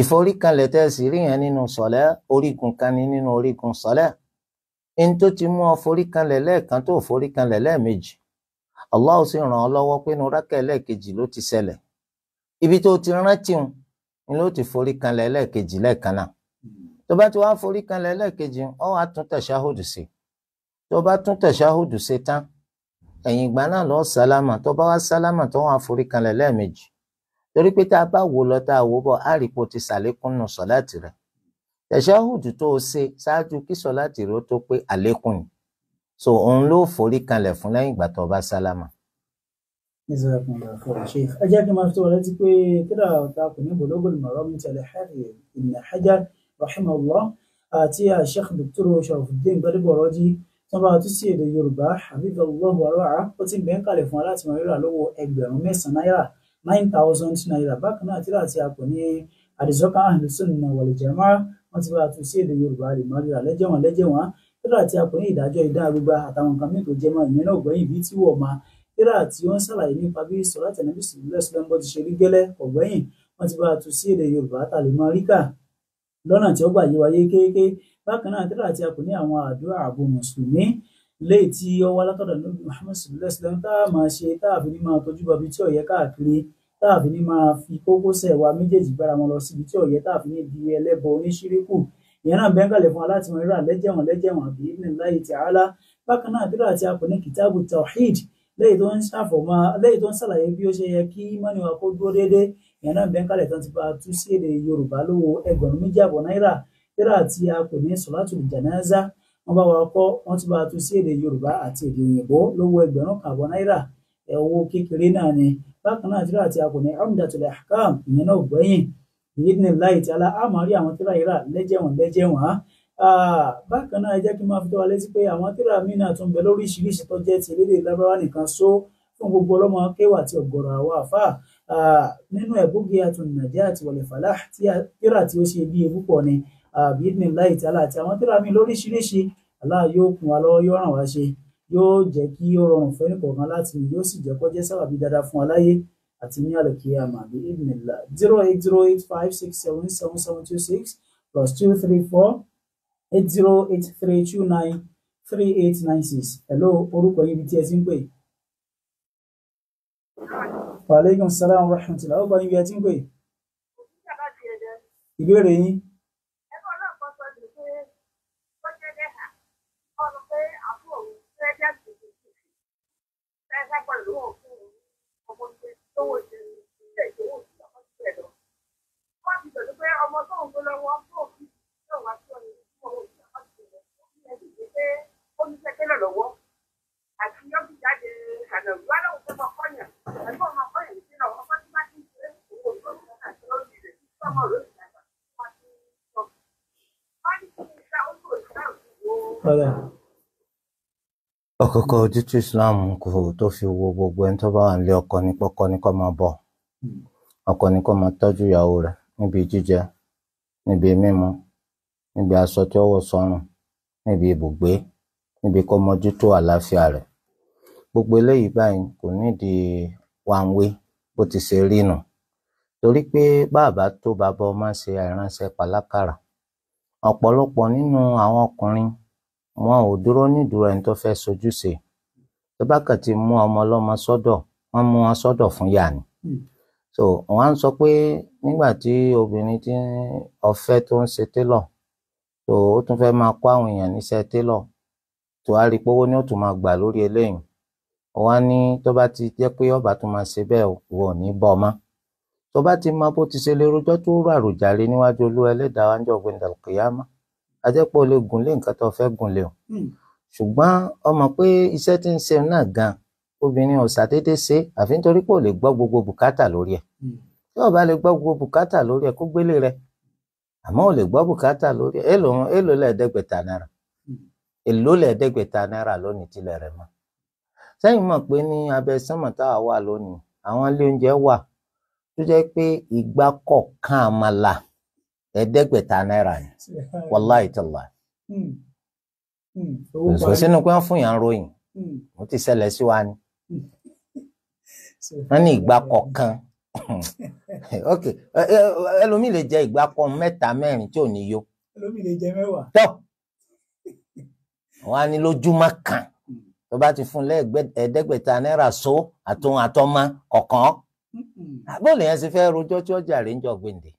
S2: ìforíkalẹ̀ tẹ́ sì rí yẹn nínú sọ̀lẹ́ orígun kan ní nínú orígun sọ̀lẹ́ in tó ti mú ọ foríkalẹ̀ lẹ́ẹ̀kan tó foríkalẹ̀ lẹ́ẹ̀mejì Allah sì ràn ọ́ lọ́wọ́ pé inú rákẹ́ lẹ́ẹ̀kejì ló ti ṣẹlẹ̀ ibi tó ti rántí un ni ló ti foríkalẹ̀ lẹ́ẹ̀kejì lẹ́ẹ̀kan náà tó bá ti wá foríkalẹ̀ lẹ́ẹ̀kejì ọ wá tún tẹ̀síáhùdù sí tó bá tún tẹ̀síáhùdù sí tán ẹ̀yìn ìgbà náà lọ́ọ́ sálámà tó bá wá sálámà tó wá foríkalẹ̀ lẹ́ẹ̀mejì torí pé tá a bá wò lọ tá a wò bọ̀ á rí po ti ṣàlékún nù sọ̀láàtì rẹ̀ tẹ̀síáhùdù tó o ṣe ṣáájú kí sọ̀láàtì rẹ̀ ó tó pé àlékún yìí so òun ló forí kanlẹ̀ fún lẹ́yìn ìgbà tó bá sálámà.
S1: ẹ jẹ́ kí n máa fi tó wọlé tí pé kíra ọ̀tá kò ní Bulugul Marami tẹ̀lé hẹ́rì Ibn Hajar rahimahullah àti Sheikh Dr. Sharafuddin Gbadebo Raji tán bá tún sí èdè Yorùbá àbíbẹ̀ ọlọ́run àrọ́à ó ti gbẹ̀ǹkàlẹ̀ fún aláàtìmọ̀ rírà lọ́wọ́ ẹgbẹ̀rún mẹ́sàn-án náírà nine thousand naira bákan náà tíra tí a pè ní àdìsọ́kà na wàlìjàmá wọ́n ti bá a tún sí èdè yorùbá rè mọ́ rírà lẹ́jẹ̀wọ̀n lẹ́jẹ̀wọ̀n tíra tí a pè ní ìdájọ́ ìdá arúgbó àtàwọn nǹkan mìíràn tó jẹ mọ́ ìyẹn náà gbẹ́yìn bí tí wọ̀ ma tíra tí ó ń ṣàlàyé nípa bí sọ̀rọ̀ àtẹnubí sílẹ̀ sílẹ̀ ń bọ́ ti ṣe rí gẹ́lẹ́ ọ̀gbẹ́yìn wọ́n ti bá a tún sí èdè yorùbá tàlẹ́ mọ́ ríkà lọ́nà tí ó gbà yé wáyé kéèké bákan náà tí a pè ní àwọn àdúrà ààbò mùsùlùmí léè tí ọwọ́ látọ̀dọ̀ níbi Muhammad sallallahu alaihi tá a máa ṣe tá a fi ní máa tọ́jú bàbí tí ó káàkiri tá a fi ní máa fi kókósẹ̀ wa méjèèjì gbára wọn lọ síbi tí ó yẹ tá a fi ní di ẹlẹ́bọ oníṣíríkù ìyẹn náà bẹ́ńgàlẹ̀ fún aláàtìmọ̀ rírà lẹ́jẹ̀wọ̀n lẹ́jẹ̀wọ̀n àbí ní láyé ti àálá bákan náà àdúrà tí a pè ní kìtàbù tawhid lẹ́yìn tó ń ṣàfọ̀mọ́ lẹ́yìn tó ń ṣàlàyé bí ó ṣe yẹ kí mọ́ni wa kó dúró déédéé ìyẹn náà bẹ́ńgàlẹ̀ tó ti bá a tú sí èdè yorùbá lówó ẹgbẹ̀rún méjì àbọ̀ náírà rírà tí a ní sọ̀látù jànáza wọ́n bá wa kọ́ wọ́n ti bá a tú sí èdè yorùbá àti èdè òyìnbó lówó ẹgbẹ̀rún kàbọ̀ náírà ẹ̀ owó kékeré náà ni bákan náà tíra àti akọni Umdatul Ahkam ìyẹn náà gbẹ̀yìn ìyẹn láì tí alá àmọ́ rí àwọn tíra yìí rà lẹ́jẹ̀wọ̀n lẹ́jẹ̀wọ̀n á bákan náà ẹ jẹ́ kí n máa fi tó wa létí pé àwọn tíra míì náà tún bẹ lóríṣiríṣi tó jẹ́ ti elédè lábáwá nìkan só fún gbogbo ọlọ́mọ kéwà àti ọ̀gọ̀rọ̀ àwọn àfà nínú ẹ̀bùgì àtúnnàjẹ́ àti wọlé yóò jẹ́ kí ó rọrùn fún ẹnìkọ̀ọ̀kan láti rí yóò sì jẹ́ kó jẹ́ sábàbí dáadáa fún aláyé àti ní àlòkè àmàbí ìdìnnìlá zero eight zero eight five six seven seven seven two six plus two three four eight zero eight three two nine three eight nine six hello orúkọ yín ibi tí ẹ ti ń pè. waaleykum salaam wa rahmatulah ọgbà yín ibi ẹ ti ń pè. ìbéèrè yín.
S3: 那会儿如果父母，我们都会在九五什么之类的。我记得这边我们种出来，我做做完做做我什么之类的，那里面的我们在跟着我，还是要比家的还能原来我们好人，还帮忙好人去了，我把你妈进去，我做我还是老女人，帮忙人来的，我去做，
S1: 把你去上我做上我。好的。
S2: Ọ̀kọ̀ọ̀kọ̀ ojú tí Islam kò tó fi wo gbogbo ẹni tó bá wà nílé ọkọ ní pọ́kọ́ ní kó máa bọ̀. Ọkọ ní kó máa tọ́jú ìyàwó rẹ̀ níbi jíjẹ, níbi mímu, níbi aṣọ tí ó wọ̀ sọ́rùn, níbi ibùgbé, níbi kó mójútó àlàáfíà rẹ̀. Gbogbo eléyìí báyìí kò nídìí wanwé bó ti ṣe rí nù. Torí pé bàbá tó bàbá ọmọ ṣe àìránṣẹ́ pàlákàrà. Ọ̀pọ̀lọpọ̀ nínú àwọn ọkùnrin wọn ò dúró nídùúró ẹni tó fẹ́ sojúṣe tó bá kàn ti mú ọmọ ọlọ́mọ sọ́dọ̀ wọ́n mú wọn sọ́dọ̀ fún yà ni so wọn á sọ pé nígbà tí obìnrin tí ọ̀fẹ́ tó ń ṣe télọ̀ tó ó tún fẹ́ máa kó àwọn èèyàn níṣẹ́ télọ̀ tó á rí pówó ní ó tún máa gbà lórí eléyìí wọn ní tó bá ti jẹ́ pé ọba tó máa ṣe bẹ́ẹ̀ wọn ní bọ́ ọmọ tó bá ti mọ bó ti ṣe lè rojọ́ tó rọ àròjàre níwájú olú ẹlẹ́dàá wájú ọ̀gbìn dàlùkìyàmá a jẹ́ pé o lè gùn lé nǹkan tó fẹ́ gùn lé o hmm. ṣùgbọ́n ọmọ pé iṣẹ́ tí ń ṣe náà gan obìnrin ò ṣàdédé ṣe àfi nítorí pé ò lè gbọ́ gbogbo bùkátà lórí ẹ̀ hmm. tí ò bá lè gbọ́ gbogbo bùkátà lórí ẹ̀ kó gbélé rẹ̀ àmọ́ ò lè gbọ́ bùkátà lórí ẹ̀ èlò èlò lẹ́ẹ̀ẹ́dẹ́gbẹ̀ta náírà hmm. èlò lẹ́ẹ̀ẹ́dẹ́gbẹ̀ta náírà lónìí tilẹ̀ rẹ̀ mọ́ sẹ́yìn mọ̀ pé ní abẹ́ sánmọ̀ tá a wà lónìí àwọn ilé oúnjẹ wà tó jẹ́ pé ìgbà kọ̀ọ̀kan àmàlà ẹ̀ẹ́dẹ́gbẹ̀ta náírà ni wàláì tàlá
S1: hmm. hmm. kò sínú
S2: pé wọ́n fún yàn ròyìn wọ́n hmm. ti ṣẹlẹ̀ sí wa ni wọ́n ní ìgbà kọ̀ọ̀kan ok ẹlòmíì lè jẹ ìgbà kan mẹ́ta mẹ́rin tí ò ní yó
S3: ẹlòmíì lè jẹ mẹ́wàá
S2: tọ wọ́n á ní lójúmọ́ kan tó bá ti fún lẹ́ẹ̀ẹ́dẹ́gbẹ̀ta náírà so àtòun àtọmọ kọ̀ọ̀kan bóòlù yẹn ti fẹ́ rojọ́ tí ọjà rẹ̀ ń jọ gbèǹde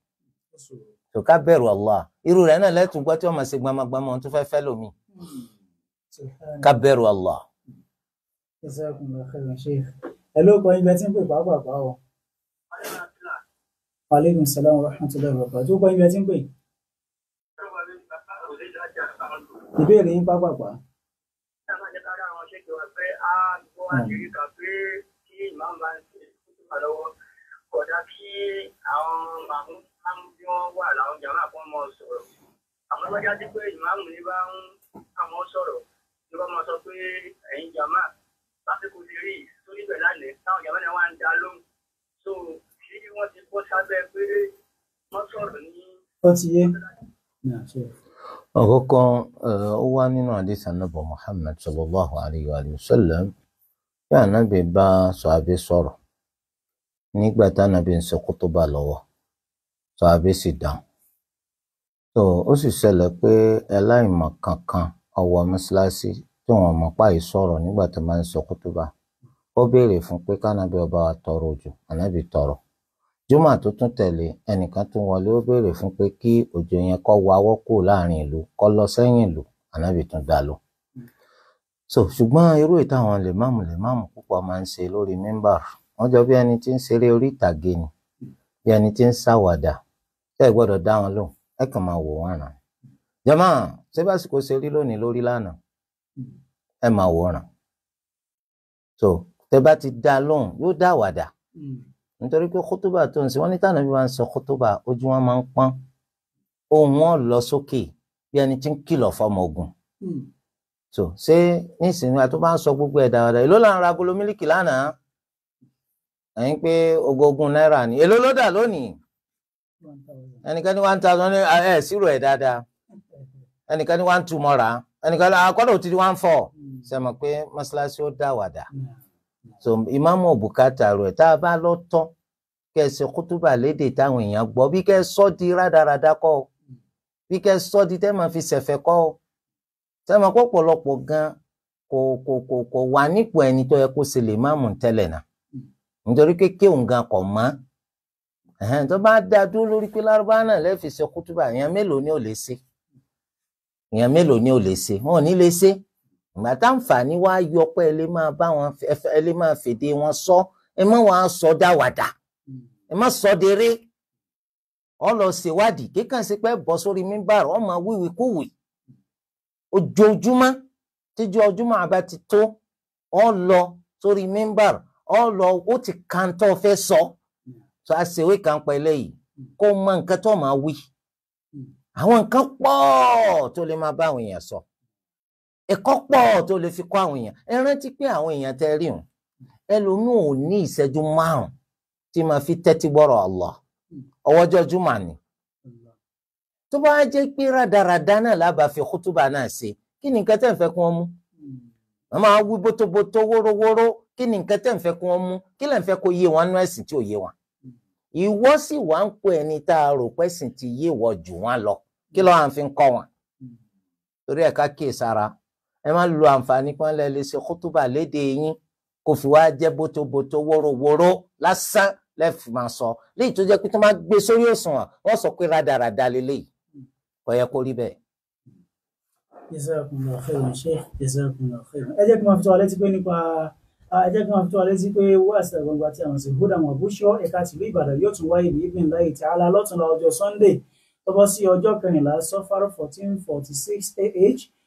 S2: sòká bẹ̀rù Allah irú rẹ̀ náà lẹ́tùn gbọ́ tí wọ́n máa ṣe gbamagbama ohun tó fẹ́ fẹ́ lómi ká bẹ̀rù Allah.
S1: ẹ ló kọ ibẹ tí ń pè pàápàá o. aleykum salaam wa rahmatullahi wa barakatuh tó kọ tí ń pè. ìbéèrè yín pàápàá.
S2: ó ti yé àkọ́kọ́ ó wá nínú àdìsí anábọ̀ Muhammad sallallahu alayhi wa sallam bí anábì bá sọ̀hábí sọ̀rọ̀ nígbà tánábì ń ṣe kútúbà lọ́wọ́ sọ̀hábí sì dáhùn tó ó sì ṣẹlẹ̀ pé ẹláìmọ̀ kankan ọwọ́ mọ́ṣáláṣí tí wọ́n mọ̀ páyì sọ̀rọ̀ nígbà tó máa ń ṣe kútúbà ó béèrè fún pé kánábì ọba wa tọrọ òjò anábì tọrọ júmà tó tún tẹ̀lé ẹnìkan tún wọlé ó béèrè fún pé kí òjò yẹn kó wawọ́ kù láàrin ìlú kó lọ sẹ́yìn ìlú ànábì tún dá lọ. so ṣùgbọ́n irú ìtàwọn lèmáàmù lèmáàmù púpọ̀ máa ń ṣe lórí mímbà wọ́n jọ bí ẹni tí ń ṣeré orí ìtàgé ni bí ẹni tí ń ṣàwàdà ẹ gbọ́dọ̀ dá wọn lóhùn ẹ kàn máa wò wọ́n ràn. jama sébàsìkò ṣe rí lónìí lórí lánàá ẹ máa wò ràn. so tẹ bá ti dá lóhùn yóò dá àwàdà. Mm nítorí pé kótóbà tó ń sè wọ́n ní tànà bí wọ́n ń sọ kótóbà ojú wọn máa ń pọ́n ohùn wọn lọ sókè bí ẹni tí ń kìlọ̀ fọmọ ogun. Hmm. so ṣé nísìnyí wa wọ́n bá ń sọ gbogbo ẹ̀ dáadáa èló là ń ra agolo mílíkì lánàá ẹ̀yin pé ogógún náírà ni èló ló dà lónìí ẹnìkan ní one thousand ẹ̀ ṣírò ẹ̀ dáadáa ẹnìkan ní one two mọ́ra ẹnìkan ní akọ́dọ̀ ti di one four hmm. ṣe mọ̀ pé mọ́ṣáláṣí ó dá so ìmáàmù òbúkátà rẹ̀ tá a bá lọ tán kẹ́ ṣe kútúbà lédè táwọn èèyàn gbọ́ bí kẹ́ sọ di rádaràda kọ́ ọ bí kẹ́ sọ di tẹ́ máa fi ṣẹ̀fẹ̀ kọ́ ọ tẹ́ máa kó pọ̀lọpọ̀ gan kò kò kò kò wà nípò ẹni tó yẹ kó ṣe lè máàmù tẹ́lẹ̀ náà nítorí pé kí òun gan kọ̀ mọ́ tó bá dá dúró lórí pé lárúbáwá náà lẹ́ẹ̀fi ṣe kútúbà èèyàn mélòó ni ò lè ṣe èèyàn mélòó ni ò lè ṣe wọn ò ní lè ṣe ìgbà táǹfààní wá yọ pé ẹ lè máa bá wọn ẹ lè máa fèdè wọn sọ ẹ má wọn sọ dáwàdà ẹ má sọ déré ọ lọ ṣèwádìí kíkàn sí pé bọ́ sórí mímbàrà ọ máa wíwí kúwì ojoojúmọ́ tíjú ọjúmọ́ àbá ti tó ọ lọ sórí mímbàrà ọ lọ ó ti kan tó fẹ́ sọ tó a ṣèwé kan pẹ lẹ́yìn kó mọ nǹkan tó máa wí àwọn nǹkan pọ̀ tó lè máa bá àwọn èèyàn sọ. So ẹ̀kọ́ pọ̀ tó lè fi kọ́ àwọn èèyàn ẹ rántí pé àwọn èèyàn tẹ́ rí òun ẹlòmíì ò ní ìṣẹ́jú márùn tí máa fi tẹ́tí gbọ́rọ̀ Allah ọwọ́jọ́ jùmọ̀ ni tó bá jẹ́ pé rádaràda náà lábàá fi kútúbà náà ṣe kí ni nǹkan tẹ́ ń fẹ́ kí wọ́n mú wọ́n máa wí bótóbótó wórówóró kí ni nǹkan tẹ́ ń fẹ́ kí wọ́n mú kí lẹ́ ń fẹ́ kó yé wọn nú ẹ̀sìn tí ò yé wọn ìwọ sì wá ń pè ẹni tá a rò pẹ́sìn ti yé wọ jù wọn lọ kí lọ́wọ́ à ń fi kọ́ wọn torí ẹ̀ ká kíyèsára ẹ má lo àǹfààní pọ́n lẹ́ lè ṣe kútúbà léde yín kò fi wá jẹ́ bótóbótó wórówóró lásán lẹ́ẹ̀fì máa sọ léyìí tó jẹ́ pé tó máa gbé sórí òṣùwọ̀n wọ́n sọ pé rádaràda lélẹ́yìí kò yẹ kó rí bẹ́ẹ̀.
S1: Jazakumullahu khairan Sheikh, jazakumullahu khairan. ẹ jẹ́ kí wọ́n fi tó wa létí pé nípa ẹ jẹ́ kí wọ́n fi tó wa létí pé wáàsí àgbàgbà tí àwọn sì gbódà wọn àbúṣọ ẹ̀ka tìlú Ìbàdàn yóò tún wáyé bí ibn láyé tí ala lọ́tùnla ọjọ́ Sunday tó sí ọjọ́ kẹrìnlá sọ́fàrọ̀ fourteen forty six ah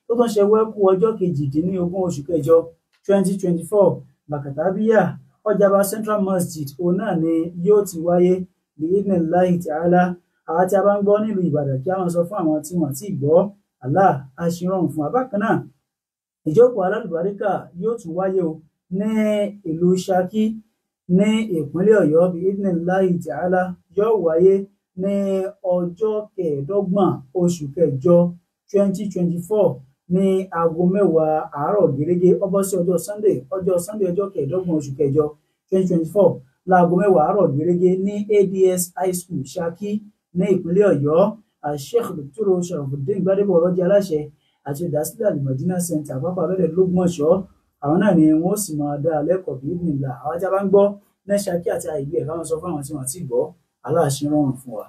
S1: tó tún ṣe wẹ́kú ọjọ́ kejìdínlógún oṣù kẹjọ twenty twenty four bàkàtàbíyà ọjàba central masjid òun náà ni yóò ti wáyé bíyìnbí láì tààlà àwọn tí a bá ń gbọ́ nílùú ìbàdàn kí a máa sọ fún àwọn tí wọ́n ti gbọ́ àlá aṣírọ̀rùn fún abákan náà ìjókòó alálùbáríkà yóò tún wáyé o ní ìlú ṣakí ní ìpínlẹ̀ ọ̀yọ́ bíyìnbí láì tààlà yóò wáyé ní ọjọ́ kẹẹ̀ẹ́dọ́gbọ̀n oṣù kẹjọ twenty twenty four ní aago mẹ́wàá àárọ̀ gẹ́gẹ́ ó bọ́ sí ọjọ́ sunday ọjọ́ sunday ọjọ́ kẹẹ̀ẹ́dọ́gbọ̀n oṣù kẹjọ twenty twenty four láago mẹ́wàá àárọ̀ gẹ́gẹ́ ní ads high school ṣaki ní ìpínlẹ̀ ọ̀yọ́ Sheikh Dr. Sharafuddin Gbadebo ọ̀rọ̀jì aláṣẹ àti ìdásílẹ̀ alimọ̀dínà center àpapọ̀ abẹ́rẹ́ lógúnmọ̀ṣọ́ àwọn náà ni wọ́n sì máa dá lẹ́kọ̀ọ́ bí nìlà àwọn tí a bá ń gbọ́ ní ṣaki àti àìgbé ẹ̀ báwọn sọ fún àwọn tí wọ́n ti gbọ́ aláṣẹ rọrùn fún wa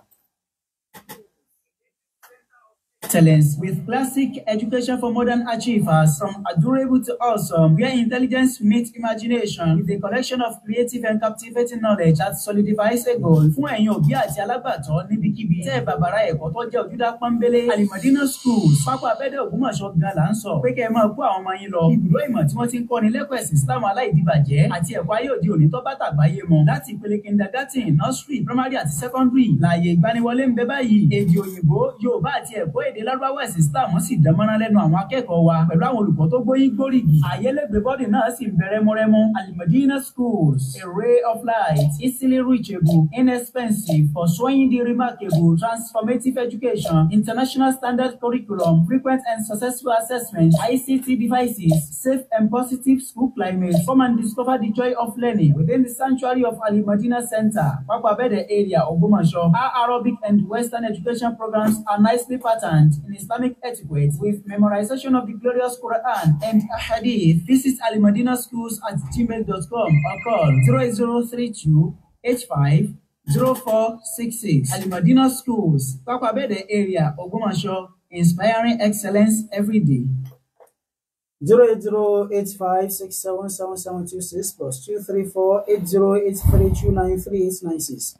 S1: excellence with classic education for modern achievers from adorable to awesome where intelligence meets imagination with a collection of creative and captivating knowledge that solidifies a goal fún ẹ̀yin òbí àti alágbàtọ́ níbikíbi tẹ́ bàbàrà ẹ̀kọ́ tó jẹ́ ojúdá pọ́nbélé alimadina schools pápá abẹ́dẹ̀ ògbómọ̀ṣọ́ gan la ń sọ pé kẹ́ ẹ máa kó àwọn ọmọ yín lọ ibùdó ìmọ̀ tí wọ́n ti ń kọ́ni lẹ́kọ̀ọ́ ẹ̀sìn islam aláìdíbàjẹ́ àti ẹ̀kọ́ ayé òde òní tó bá tàgbáyé mọ́ láti ìpele kindergarten nursery primary àti secondary láàyè ìgbaniwọlé ń bẹ báyìí èdè òyìnbó yorùbá àti ẹ̀kọ́ èdè lárúbáwá ẹ̀sìn islam wọ́n sì dánmọ́rán lẹ́nu àwọn akẹ́kọ̀ọ́ wa pẹ̀lú àwọn olùkọ́ tó gbóyìn gbóríyìn àyẹlẹ́gbẹ́ bọ́ọ̀dì náà sì bẹ̀rẹ̀ mọ́rẹ́mọ́ alimadina schools a ray of light easily reachable inexpensive for pursuing the remarkable transformative education international standard curriculum frequent and successful assessment ICT devices safe and positive school climate come and discover the joy of learning within the sanctuary of alimadina center pápá abẹ́dẹ̀ area Ògbómọ̀ṣọ́ our Arabic and Western education programs are nicely patterned Development in Islamic Etiquette with Memorization of the Glorious Quran and Ahadith. Visit Alimadina Schools at gmail.com or call 08032 85 0466. Alimadina Schools, Kwakwabede area, Ogbomoso, inspiring excellence every day. 08085677726 plus 2348083293896.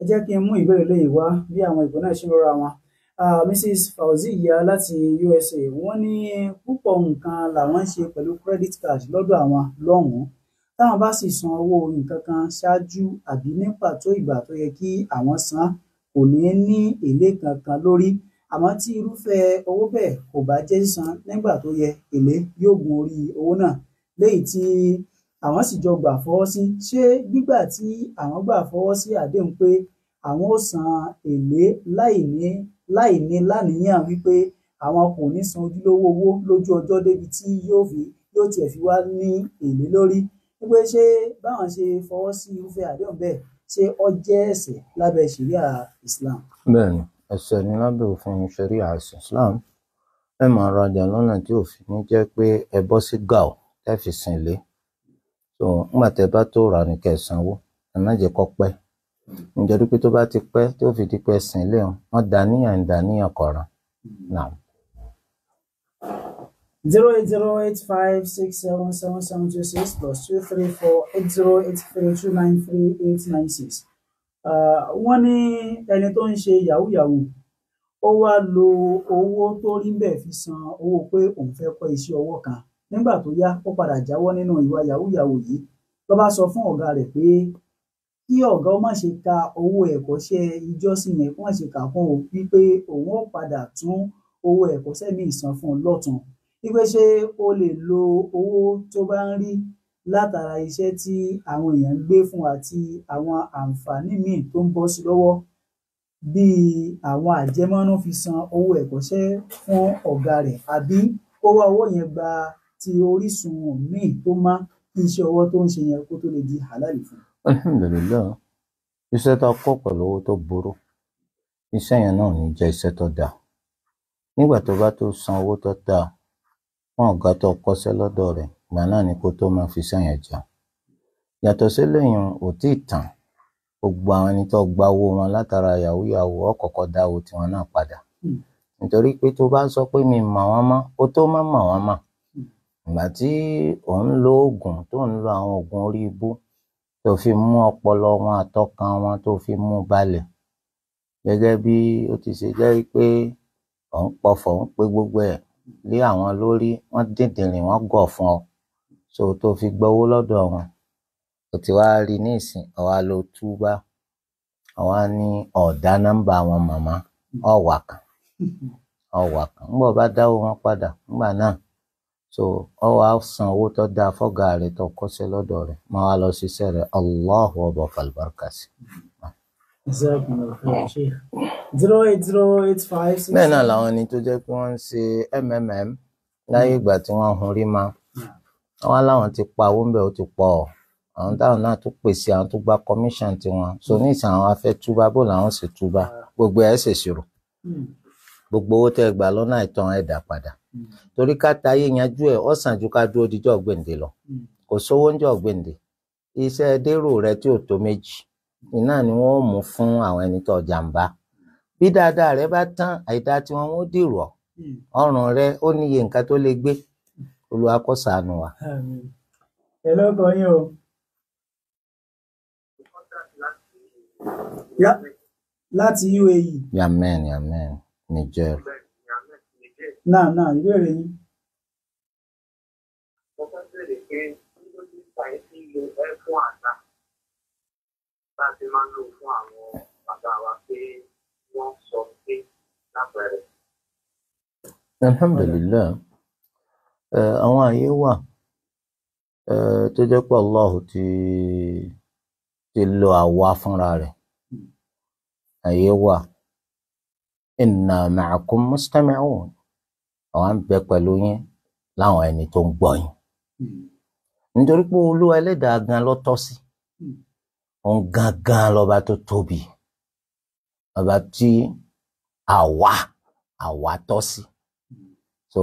S1: Ẹ jẹ́ kí n mú ìbéèrè lè wá bí àwọn ìbò náà ṣe ń rọra wọn uh, ah, Mrs. Fauziya láti USA wọ́n ní púpọ̀ nǹkan làwọn ń ṣe pẹ̀lú credit card lọ́dọ̀ àwọn lọ́hùn-ún táwọn bá sì san owó nǹkan kan ṣáájú àbí ní pàtó ìgbà tó yẹ kí àwọn san kò ní ní èlé kankan lórí àmọ́ tí irúfẹ́ owó bẹ́ẹ̀ kò bá jẹ́ sísan nígbà tó yẹ èlé yóò gun orí owó náà léyìí tí àwọn sì jọ gbà fọwọ́ sí ṣé gbígbà tí àwọn gbà fọwọ́ sí àdéhùn pé àwọn ò san èlé láì ní láì ní láníyàn wípé àwọn kò ní san ojúlówó owó lójú ọjọ́ débi tí yóò fi yóò tiẹ̀ fi wá ní èlé lórí wípé ṣé báwọn ṣe fọwọ́ sí irúfẹ́ àdéhùn bẹ́ẹ̀ ṣé ó jẹ́ ẹ̀ṣẹ̀ lábẹ́ ṣẹ̀ríà Islam.
S2: bẹ́ẹ̀ni ẹ̀ṣẹ̀ ni lábẹ́ òfin ṣẹ̀ríà Islam ẹ máa rajà lọ́nà tí òfin ní jẹ́ pé ẹ bọ́ sí gàù ẹ fi sìn lé so ńgbà tẹ bá tó rà ní kẹsànwó ẹ má jẹ́ kó pẹ́ nítorí pé tó bá ti pẹ́ tó fi di pé ẹ̀sìn ilé wọn wọ́n dàníyàn ń dàníyàn kọ̀ọ̀ràn náà. zero
S1: eight zero eight five six seven seven seven two six plus two three four eight zero eight three two nine three eight nine six. Uh, wọ́n ní ẹni tó ń ṣe yahoo yahoo ó wá lo owó tó rí bẹ́ẹ̀ fi san owó pé òun fẹ́ kọ́ iṣẹ́ ọwọ́ kan nígbà tó yá ó padà jáwọ́ nínú ìwà yahoo yahoo yìí ló bá sọ fún ọ̀gá rẹ̀ pé kí ọ̀gá ó má ṣe ka owó ẹ̀kọ́ṣẹ́ ìjọsìn yẹn kó má ṣe kà fún o wípé òun ó padà tún owó ẹ̀kọ́ṣẹ́ míì san fún un lọ́tún wípé ṣé o lè lo owó tó bá ń rí látara iṣẹ́ tí àwọn èèyàn ń gbé fún àti àwọn àǹfààní míì tó ń bọ́ sí lọ́wọ́ bíi àwọn àjẹmọ́nú fi san owó ẹ̀kọ́ṣẹ́ fún ọ̀gá rẹ̀ àbí kó wá owó yẹn gba ti orísun míì tó má kí iṣẹ́ tó ń ṣe yẹn kó tó lè di halal fún un
S2: alihamudulilayi iṣẹ́ tá a kọ́ pẹ̀lú owó tó burú iṣẹ́ yẹn náà ní jẹ́ iṣẹ́ tó dáa nígbà tó bá tó san owó tó dáa fún ọ̀gá tó kọ́ṣẹ́ lọ́dọ̀ rẹ̀ ìgbà náà ni kó tó máa fi iṣẹ́ yẹn jẹun yàtọ̀ sílẹ̀yìn ò tí ì tàn gbogbo àwọn ẹni tó gba owó wọn látara yahoo yahoo ọ̀kọ̀ọ̀kọ̀ dá owó tiwọn náà padà nítorí pé tó bá sọ pé mi mọ̀ wọ́n mọ́ ó tó má mọ̀ wọ́n mọ̀ ìgbà tí òun lo oògùn tó ń lo àwọn oògùn orí ibú tó fi mú ọpọlọ wọn àtọkàn wọn tó fi mú balẹ̀ gẹ́gẹ́ bí ó ti ṣe jẹ́ pé òun pọfọ̀ òun pé gbogbo ẹ̀ lé àwọn lórí wọ́n dìndìnrín wọ́n gọ̀ fún ọ so tó fi gbowó lọ́dọ̀ wọn ó ti wá rí ní ìsìn ọ̀wá ló túbá ọ̀wá ní ọ̀dá nọ́mbà wọn màmá ọ̀wà kan ọ̀wà kan ńgbọ̀ bá dáwó wọn padà ńgbà náà so ọ wá san owó tó dáa fọ́gà rẹ̀ tó kọ́ṣẹ́ lọ́dọ̀ rẹ̀ máa wá lọ ṣiṣẹ́ rẹ̀ Allahu ọba falibarika sí. bẹ́ẹ̀ náà làwọn ẹni tó jẹ́ pé wọ́n ń ṣe mmm láyé ìgbà tí wọ́n hun rí ma wọ́n láwọn ti pa owó ńbẹ̀ ó ti pọ̀ àwọn táwọn náà tún pèsè àwọn tó gba commission tiwọn so ní ìsàn àwọn afẹ́ túbá bó làwọn sì túbá gbogbo ẹ̀ ṣèṣirò hmm. gbogbo owó tẹ́ gbà lọ́nà àìtọ́ ẹ̀ dá padà. Mm. torí káta ayé yanjú ẹ̀ ó sàn ju ká dúró díjọ́ gbèǹde lọ mm. kò sówó ń jọ gbèǹde iṣẹ́ dérò rẹ tí ò tó méjì iná ni wọ́n mú fún àwọn ẹni tó jàǹbá bí dáadáa rẹ bá tán àìdá tí wọn ó dìrọ̀ mm. ọrùn rẹ ó níye nǹkan tó lè gbé Olúwa wa.
S1: ẹ lọ́kọ̀ yín o.
S2: láti UAE. amen
S1: amen Niger náà náà ìbéèrè yín.
S3: mo fẹ́ bèrè pé nígbà tí sàyè ti lo ẹ fún bá ti máa ń lò fún àwọn bàbá wa pé wọ́n sọ pé lápẹẹrẹ.
S2: alhamdulilayi àwọn àyè wà tó jẹ́ pé Allah ti ti lo àwa fúnra rẹ̀ àyè wà inna ma'akum mustami'un àwa ń bẹ pẹ̀lú yín láwọn ẹni tó ń gbọ́ yín nítorí pé olúwa ẹlẹ́dàá gan ló tọ́ sí òun gangan lọ́ba tó tóbi ọba tí àwa àwa tọ́ sí so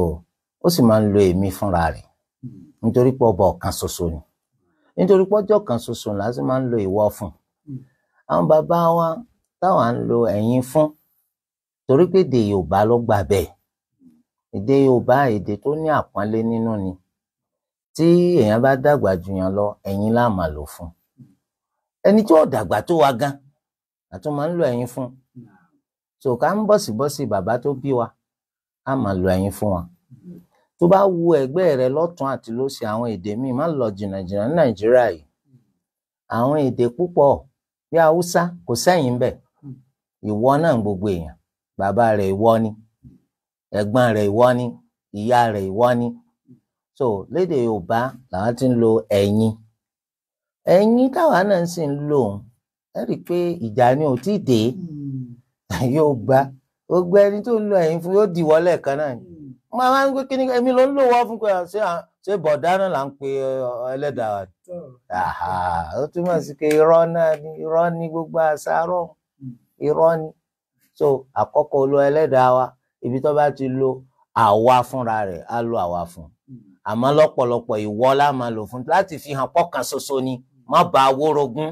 S2: ó sì máa ń lo èmi fúnra rẹ̀ nítorí pé ọba ọ̀kan ṣoṣo ni nítorí pé ọjọ́ kan ṣoṣo là á sì máa ń lo ìwọ fún àwọn bàbá wa táwa ń lo ẹ̀yin fún torí pé èdè Yorùbá ló gbà bẹ́ẹ̀ èdè yorùbá èdè tó ní àpọ́nlé nínú ni tí èèyàn bá dàgbà jù yàn lọ ẹ̀yin la máa lò fún ẹni tí ó dàgbà tó wa gan àtún máa ń lo ẹ̀yin fún so ká ń bọ̀sibọ́sì bàbá tó bí wa á máa lo ẹ̀yin fún wa tó bá wu ẹgbẹ́ rẹ lọ́tún àti lósì àwọn èdè míì má lọ jìnnà jìnnà ní nàìjíríà yìí àwọn èdè púpọ̀ bí haúsá kò sẹ́yìn bẹ̀ ìwọ náà gbogbo èèyàn bàbá rẹ̀ ìwọ ni ẹ̀gbọ́n rẹ̀ ìwọ ni ìyá rẹ̀ ìwọ ni so lédè Yorùbá làwọn ti ń lo ẹ̀yin ẹ̀yin táwa náà sì ń lò ẹ rí i pé ìjà ni ò tí ì dé hmm. Yorùbá gbogbo ẹni tó ń lo ẹ̀yin fún yóò dìwọ́ lẹ́ẹ̀kan náà ni hmm. mo máa ń gbé kíní èmi ló ń lò wọ́ fún pé ṣé ṣé bọ̀dá náà là ń pe ẹlẹ́dàá ó túmọ̀ sí pé irọ́ náà ni irọ́ ni gbogbo àṣà rọ̀ hmm. irọ́ ni so àkọ́kọ́ olú ẹlẹ́dàá wa ibi tó bá ti lo àwa fúnra rẹ̀ á lo àwa fún àmọ́ lọ́pọ̀lọpọ̀ ìwọ la máa lò fún láti fi hàn pọ́kàn ṣoṣo ni má ba awórogún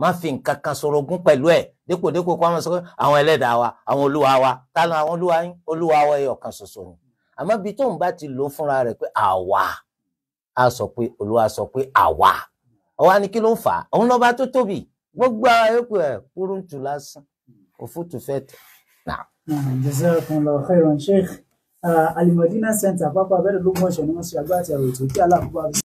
S2: má fi nǹkan kan ṣorogún pẹ̀lú ẹ̀ dípò dípò kó àwọn àwọn ẹlẹ́dàá wa àwọn olúwa wa ta ló àwọn olúwa yín olúwa wa ẹyọ kan ṣoṣo ni àmọ́ ibi tóun bá ti lò fúnra rẹ̀ pé àwa á sọ pé olúwa sọ pé àwa ọwá ni kí ló ń fà á òun lọ́ba tó tóbi gbogbo àwọn ẹ̀kú kúrúntù lásán òfútùfẹ́tẹ̀
S1: jazakum allah khairan sheikh alimadina center pápá abẹ́rẹ́ ló gbọ́n ṣẹ̀ ni wọ́n ṣe agbátẹrù ètò kí aláàbò bá